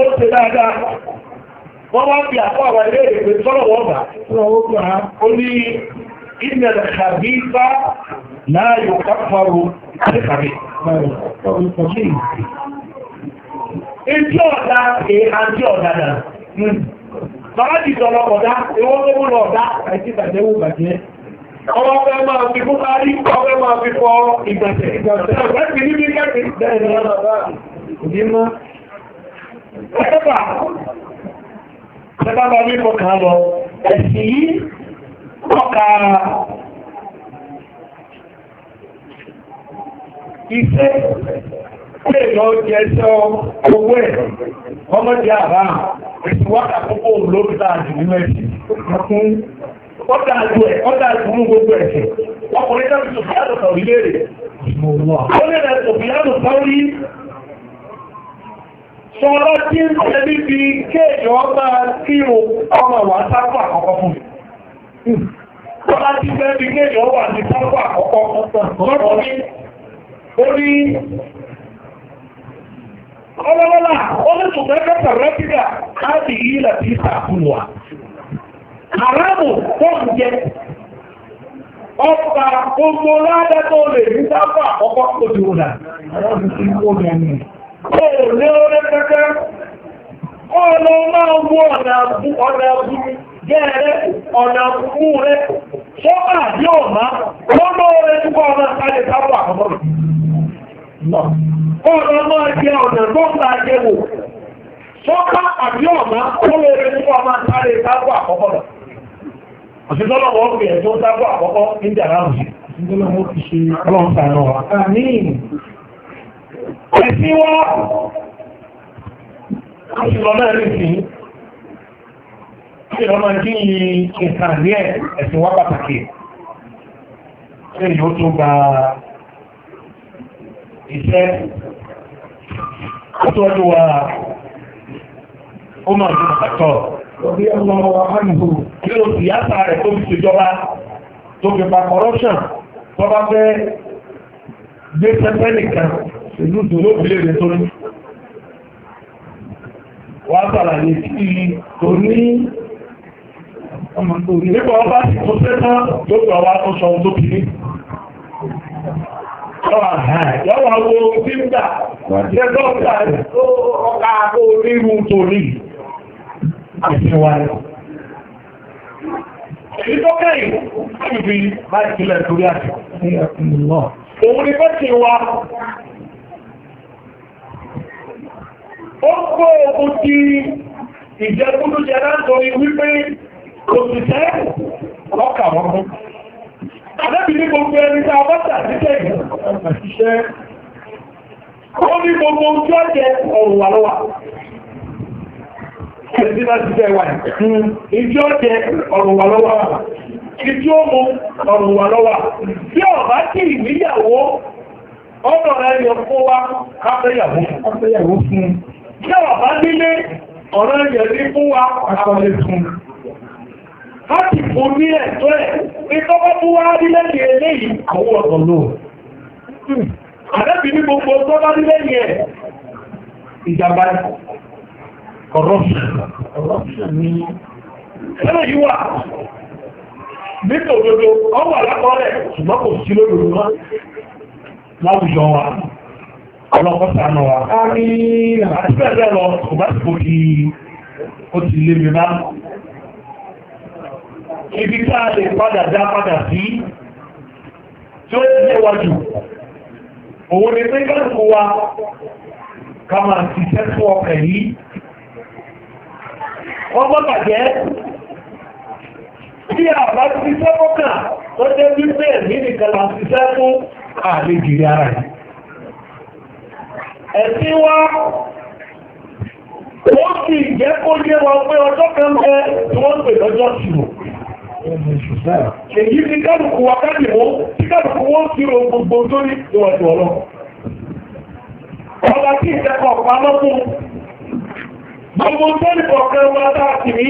fi wọ́n wá bí àpá àwọn ilé ìgbé tọ́lọ̀wọ́ ọ̀gbà ó ní ṣàbí bá láàyò káfàrò àdìkàbí ìjọ ọ̀dá èèyàn ọ̀dá dà hmm. bàbá ti sọ̀rọ̀ ọ̀dá ewọ́n tó múlọ ọ̀dá àti ìtàjẹ́wò bàjẹ́ máa fi fún máa fi Tẹ́bàbà ní kọkà lọ, ẹ̀sì yìí kọkà iṣẹ́ pé lọ jẹ́ iṣẹ́ owó ẹ̀, ọmọ jẹ́ àbá, ẹ̀sì wákà púpọ̀ lóríta àjù nínú ẹ̀sì. Ọdá àjù ẹ̀, ọdá àjù mú gbogbo ẹ̀sì. Ọkùnrin náà ti sọ̀fíà Sọ̀rọ̀ tí ń tẹ́ níbi kéèjọ máa kí o ọmọ wà sápọ̀ àkọ́kọ́ fún mi. Sọ̀rọ̀ tí tẹ́ níbi kéèjọ wà ní sápọ̀ àkọ́kọ́ Orí ọlọ́lọ́lá, láti ilẹ̀ tí jẹ òòlé orí pẹ́pẹ́ ọ̀nà máa wú ọ̀nà àbúrú gẹ́ẹ̀rẹ́ ọ̀nà rẹ̀ tó bí ọ̀má lọ́nà orí púpọ̀ ọmọ ìpàdé sábọ̀ àkọ́kọ́ ọ̀nà máa jẹ ọ̀nà tó máa jẹ àbí ọ̀má lọ́nà orí púpọ̀ ọmọ ìpàdé sábọ̀ àkọ́kọ́ Òṣìṣọ́lọ́wọ́ ẹ̀sí wá ọ̀ṣùlọ mẹ́rin sí ṣe lọ́mọ tí yí ìsànlẹ̀ ẹ̀sí wá pàtàkì ṣe yóò tó gba iṣẹ́ ọ̀tọ́jú wa ó máa jù pàtàkì Ọdí ọmọ wa hánìbò. Kí o sì yáta rẹ̀ tó fi ṣèjọba tó fi pa corruption tó fẹ́ gbé pẹ́pẹ́ nìkan ìlú dúró bèèrè tó ní wà sàlàyé kí tó ní nípa ọba tí kò sẹ́tọ́ lókè ọwá tó sọ tó kìí Yọ́wà wo tí ń dà, jẹ́ dọ́kà ọkà onírú torí àti wà ní. Èyí tó kẹ́yìn, láti fi láti sílẹ̀ torí àti. Òun ni bẹ́ ti wá ó kó ti ìjẹkúrú jẹ látorí wípé kò sì tẹ́ ọkà wọ́pọ̀. ní gbogbo ẹni tí a bọ́tà títẹ̀ ìṣẹ́. Ó ní gbogbo ojú ọjẹ́ ọrùn Ẹ̀sí bá ti tẹ́ wà hmm, ní. Ìjọ ọjẹ́ Ìjọ ọmọ Yẹ́wà bá nílé ọ̀rọ̀ ẹ̀yẹ̀ ní fún wa àkọlé fún. Láti fún ní ẹ̀tọ́ ẹ̀ ní tọ́kọ́ fún wá nílé ní eléyìí àwọn ọ̀rọ̀ lóò. Àdẹ́bì ní gbogbo tọ́ bá nílé ní ẹ̀ ìjàmbá corruption ní ẹ̀rọ yìí wà nítò òdodo ọwọ́ àlápọ̀ rẹ̀ ṣùgbọ́n kò sí lórí wọn láwùjọ wa ọlọ́pọ̀ sànà wa. àti bẹ́ẹ̀ bẹ́ẹ̀ lọ kò bá ti kò kí ó ti lé mi bá. ibi tá a lè padà dá padà sí tí ó ti lé wa jù òun ni pé kálukú wa ká máa ti tẹ́sí ọkàn yìí. wọ́n gbọ́ bàjẹ́ bí àbá ti sẹ́kọ̀ọ́kà tó jẹ́ wípé ẹ̀mí nìkan la ti sẹ́kọ̀ọ́ àlejò ara yìí ẹ̀sìn wa wọ́n sì jẹ́ kó yé wa pé ọjọ́ kan jẹ́ tí wọ́n pè lọ́jọ́ ṣùgbọ́ èyí ti kálùkù wa kálùkù tí kálùkù wọ́n sí ro gbogbo sórí ìwọ̀dù ọlọ́ ọba tí ìjẹ́kọ̀ pamọ́ fún gbogbo tó ní kọ̀ọ̀kẹ́ wa dáàkì ní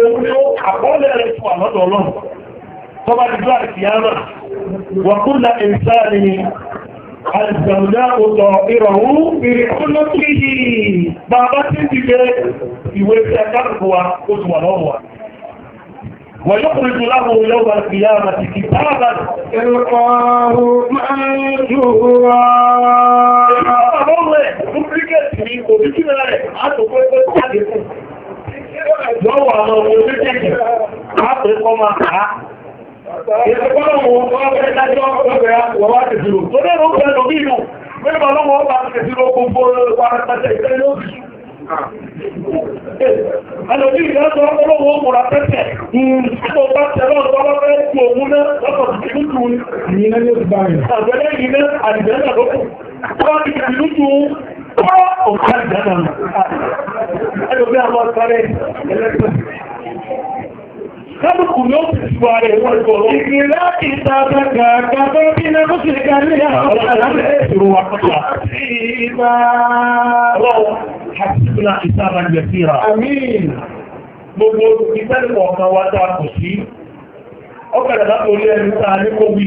òun ni ó àkọọ́lẹ̀ rẹ̀ fún àlọ́dọ̀ ọlọ́run tọ́ba dìjọ́ àti yánà wàkúnlá ìrìsáà ni àjọ̀dá ọ̀tọ̀ ìrọ̀hún ìrìn ọlọ́pìnì bàbá tí ti gbé ìwé tí a káàkù wa ó ti wà lọ́wọ́ wa wọ́n yóò kùnrin tó láwọn olóògbà ti yá àmà ti kì táàbà ìṣẹ́gbọ́nàwò ọgbẹ̀rẹ̀ dájọ́ ọgbẹ̀rẹ̀ wọ́n wá tẹ̀sílò tó lẹ́rọ ń bẹ̀rẹ̀ lórí inú mẹ́rin ọlọ́wọ́ wá tẹ̀sílò gbogbo wà tẹ̀sílò ìtẹ́lẹ́ òṣìṣù Àlòdí ìdájọ́ ọlọ́wọ́ mọ̀ra pẹ́pẹ̀ tó bá tẹ̀lọ́ ọ̀pọ̀lọpẹ́ kú òun náà lọ́pọ̀ tìlútù ní ẹlẹ́ ìbáyìí. Àgbẹ̀lẹ́ yìí náà àdìbẹ̀lẹ́ lọ́pọ̀. Wọ́n ti tìlútù ó ọ̀pọ̀ àdìbẹ̀lẹ́ kálùkù ló ti ṣùwà rẹ̀ wọ́n ìgbọ̀rọ̀. Ìgbìlá ìtàbẹ̀gà kàbẹ́ bí na mú sí kàrí àwọn aláàrẹ̀ ìṣòro wà pọ̀lá. Ìgbà rọ̀wọ̀ àtìkúlá ìtàbẹ̀gà síra. Àmín. Gbogbo ìtẹ́lẹ̀kọ̀ ọ̀kan wá dáa kò sí. Ọkàdà ẹni tàà wí.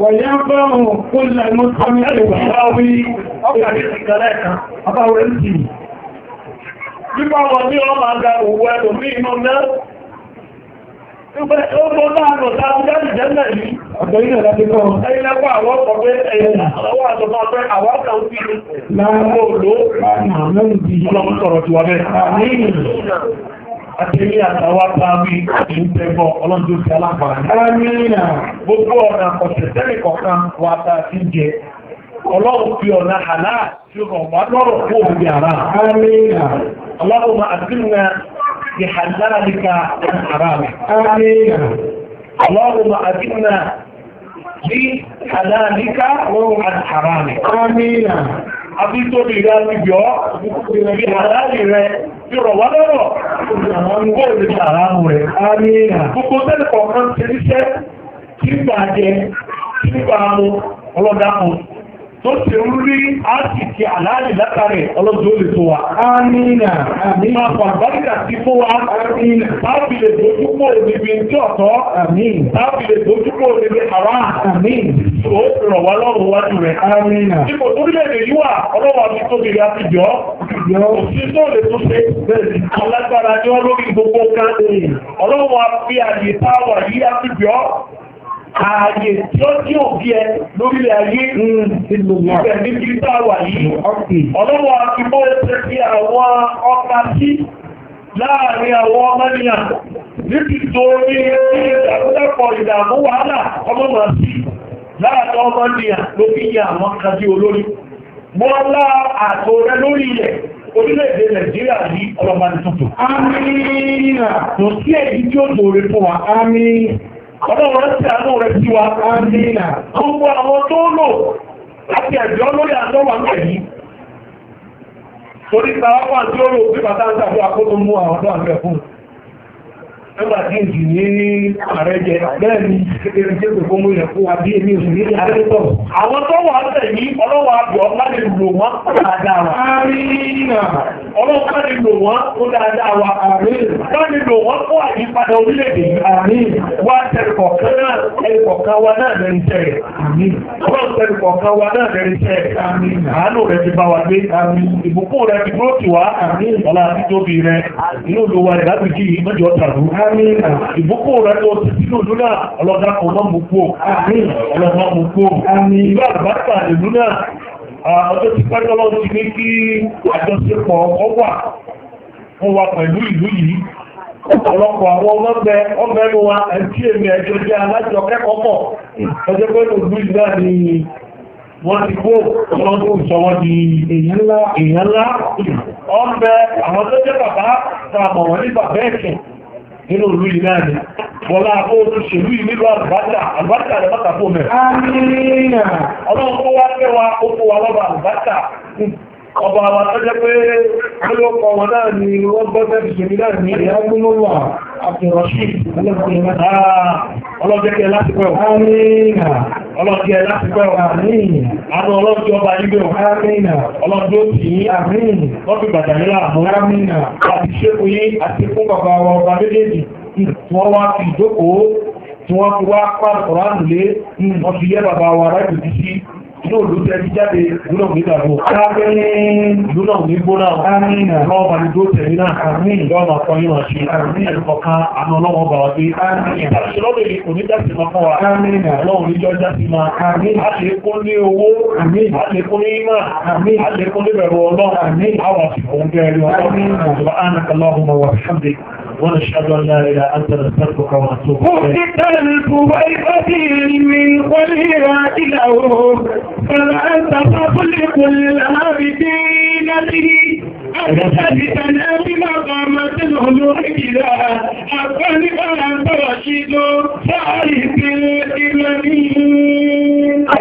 وينفعه كل المستمع والراوي أباه أنتي Nípa wọn ní ọmọ àgbà òwú ní ọmọ náà lọ sáàbí jáde jẹ́lẹ̀ yìí, ọ̀dọ̀ àtẹ́lé àtàwà tàbí ìlúpẹ̀gbọ́ ọlọ́dún sí alápàá àmìnà gbogbo ọ̀nà àkọ̀ṣẹ̀ tẹ́lẹ̀ kọ̀kan wà tàbí jẹ ọlọ́run fi ọ̀nà àlá tí ó rọ̀ wá lọ́rọ̀ kó òbí ara àmìnà ọlọ́run àdínà ìhàlálìkà àràmì àmìnà ọlọ́run àdínà bí àlálìkà àràmì àmìnà àbí tóbi rẹ̀ àti yọ́ ìrẹ̀bí àláàrí rẹ̀ tí rọ̀ wá lọ́rọ̀ gbogbo ìrẹ̀bí àráàmù rẹ̀ àmìnà gbogbo tẹ́lẹ̀ kọ̀ọ̀kan ti ríṣẹ́ tí ń bàjẹ́ tí ń bàmù tó ṣe ń rí àtìkì àláàrí látàrí ọlọ́dún olè tó wà. Amina. Àmìnà pàgbàríkà sí fún wa. Amina. Táàbì lè dojúkò níbi tí ọ̀tọ́. Amin. Táàbì lè dojúkò níbi àwa. Amin. Ó rọ̀ wá lọ́rùn wájú rẹ̀. Amina. Ipò orílẹ̀-èdè yìí wà ọlọ́wà mi tó bèrè àti jọ. Òsì tó lè tó ààyè tí ó tí ò bí ẹ lórílẹ̀ ayé ìgbẹ̀ ní kìrìtà wà yìí ọlọ́wọ́ akíkọ́ ẹ̀ṣẹ́ sí àwọn ọkà sí láàrin àwọn ọmọnìyà níbi tó ní ìdàkúdàpọ̀ ìdàmú wàhálà ọmọmọ̀ sí láàrin ọmọnìyà ló fi yẹ àwọn kájí olórí mọ́lá àtò rẹ lórí ilẹ̀ orílẹ̀-èdè nàìjíríà yìí ọlọ́mọ tuntun. àmì ìrìnà tó sí èyí tí ó tòrè fún wa àmì ọlọ́run rántí àánú rẹ̀ sí wa àmìnà gbogbo àwọn tó lò láti ẹ̀jọ́ lórí àtọ́wà ń pẹ̀lú torí tàwọn àti ó lò pípàtà ń Nígbà tí ìjì ní ààrẹ jẹ bẹ́ẹ̀ ni kékeré jẹ́ pẹ̀lú ọmọ ilẹ̀ fún wa bí èmi òsì ní ààrẹ tọ̀. Àwọn tó wà tẹ̀ yí ọlọ́wà àbíọ́ láti lò wọ́n tó dáadáa wa. Àríyìnà. Ọlọ́wà láti lò wọ́n tó dáadáa wa. Àríyìn. Láti lò wọ́n fún àyípadà orílẹ̀-èdè yìí. Àríyìn. Wá tẹ̀kọ̀kan náà ẹ̀kọ̀kan wa náà lẹ́rin tẹ̀. wa náà lẹ́rin tẹ̀. Àríyìn. Àánú rẹ̀ ti bá wa gbé. Àríyìn. Ìbùkún rẹ̀ ti bó wá. Ọlá àti tóbi rẹ̀. Inú olùwà ìdábìkì mẹ́jọ tàbí. Àmín. Ìbùkún rẹ̀ tó ti sínú ìlú náà, ọlọ́dá kan mọ́ mú kú. Àmín. Ọlọ́dá mú kú. Àmín. Ìlú àbáta ìlú náà, ọjọ́ ti pẹ́ lọ́wọ́ ti ní kí àjọṣepọ̀ ọwà fún wa pẹ̀lú ìlú yìí. Ọ̀pọ̀lọpọ̀ àwọn ọmọbẹ ọmọ ẹnu wa ẹ̀tí èmi ẹjọ́ jẹ́ alájọ kẹ́kọ̀ọ́ pọ̀. Ọjọ́ pé ìlú yìí náà ni wọ́n ti kó ọlọ́dún ìṣọwọ́ di èèyàn ńlá. Ọmọ àwọn tó jẹ́ bàbá tààmọ̀ wọ́n ní bàbá ẹ̀kẹ́ nínú ìlú yìí náà bọ́lá oòrùn òṣèlú yìí nílò àlùbáṣà rẹ̀ mọ́ta fún mẹ́ ọlọ́run kó wá fẹ́ wa ó kó wa lọ́ba àlùbáṣà ọba àwọn tọ́jẹ́ pé olóòkọ̀ wọn náà ni wọ́n gbọ́gbẹ́ ìṣòrí náà ní ẹ̀yà gúnmọ́wà àfihànṣí ọlọ́jẹ́kẹ́ láti pẹ́ ọ̀hánìyà ọlọ́jẹ́ láti pẹ́ ọ̀hánìyà àwọn ọlọ́jẹ́ ọba ilé ọ̀hánìyà ọlọ́jẹ́ òtì ní àmìn lọ́bí bàtàlélà àmúrámìnà àti ṣékòyí àti fún bàbá wa ọba méjèèjì hmm. wọ́n wá fi ìjókòó tí wọ́n fi wá pàtàkùránù lé hmm. ọ̀fìyẹ́ bàbá wa rájò sí yóò ló tẹ́lú jáde lúnà nígbàgbò lúnà nígbóná lọ́wọ́ ni tó tẹ̀lé náà lọ́wọ́ ọkọ̀ yíò ṣe ẹ̀kọ̀kan àwọn ọlọ́wọ́ bàwà pé ìtàṣílọ́bẹ̀ onídásí ma fún wa lọ́wọ́ oníjọ́ jásí ma àṣẹ́kún ní owó àṣẹ́kún ní ìmọ̀ àṣẹ́kún ní bẹ̀rù ونشهد أن لا إله أنت نستغفرك ونتوب إليك البويبة من خليرات الأوروب فانت أنت فطلق للعابدين به أنت بتنام مقامة الهلوح إلى أقل أنت رشيد فعرف الإمامين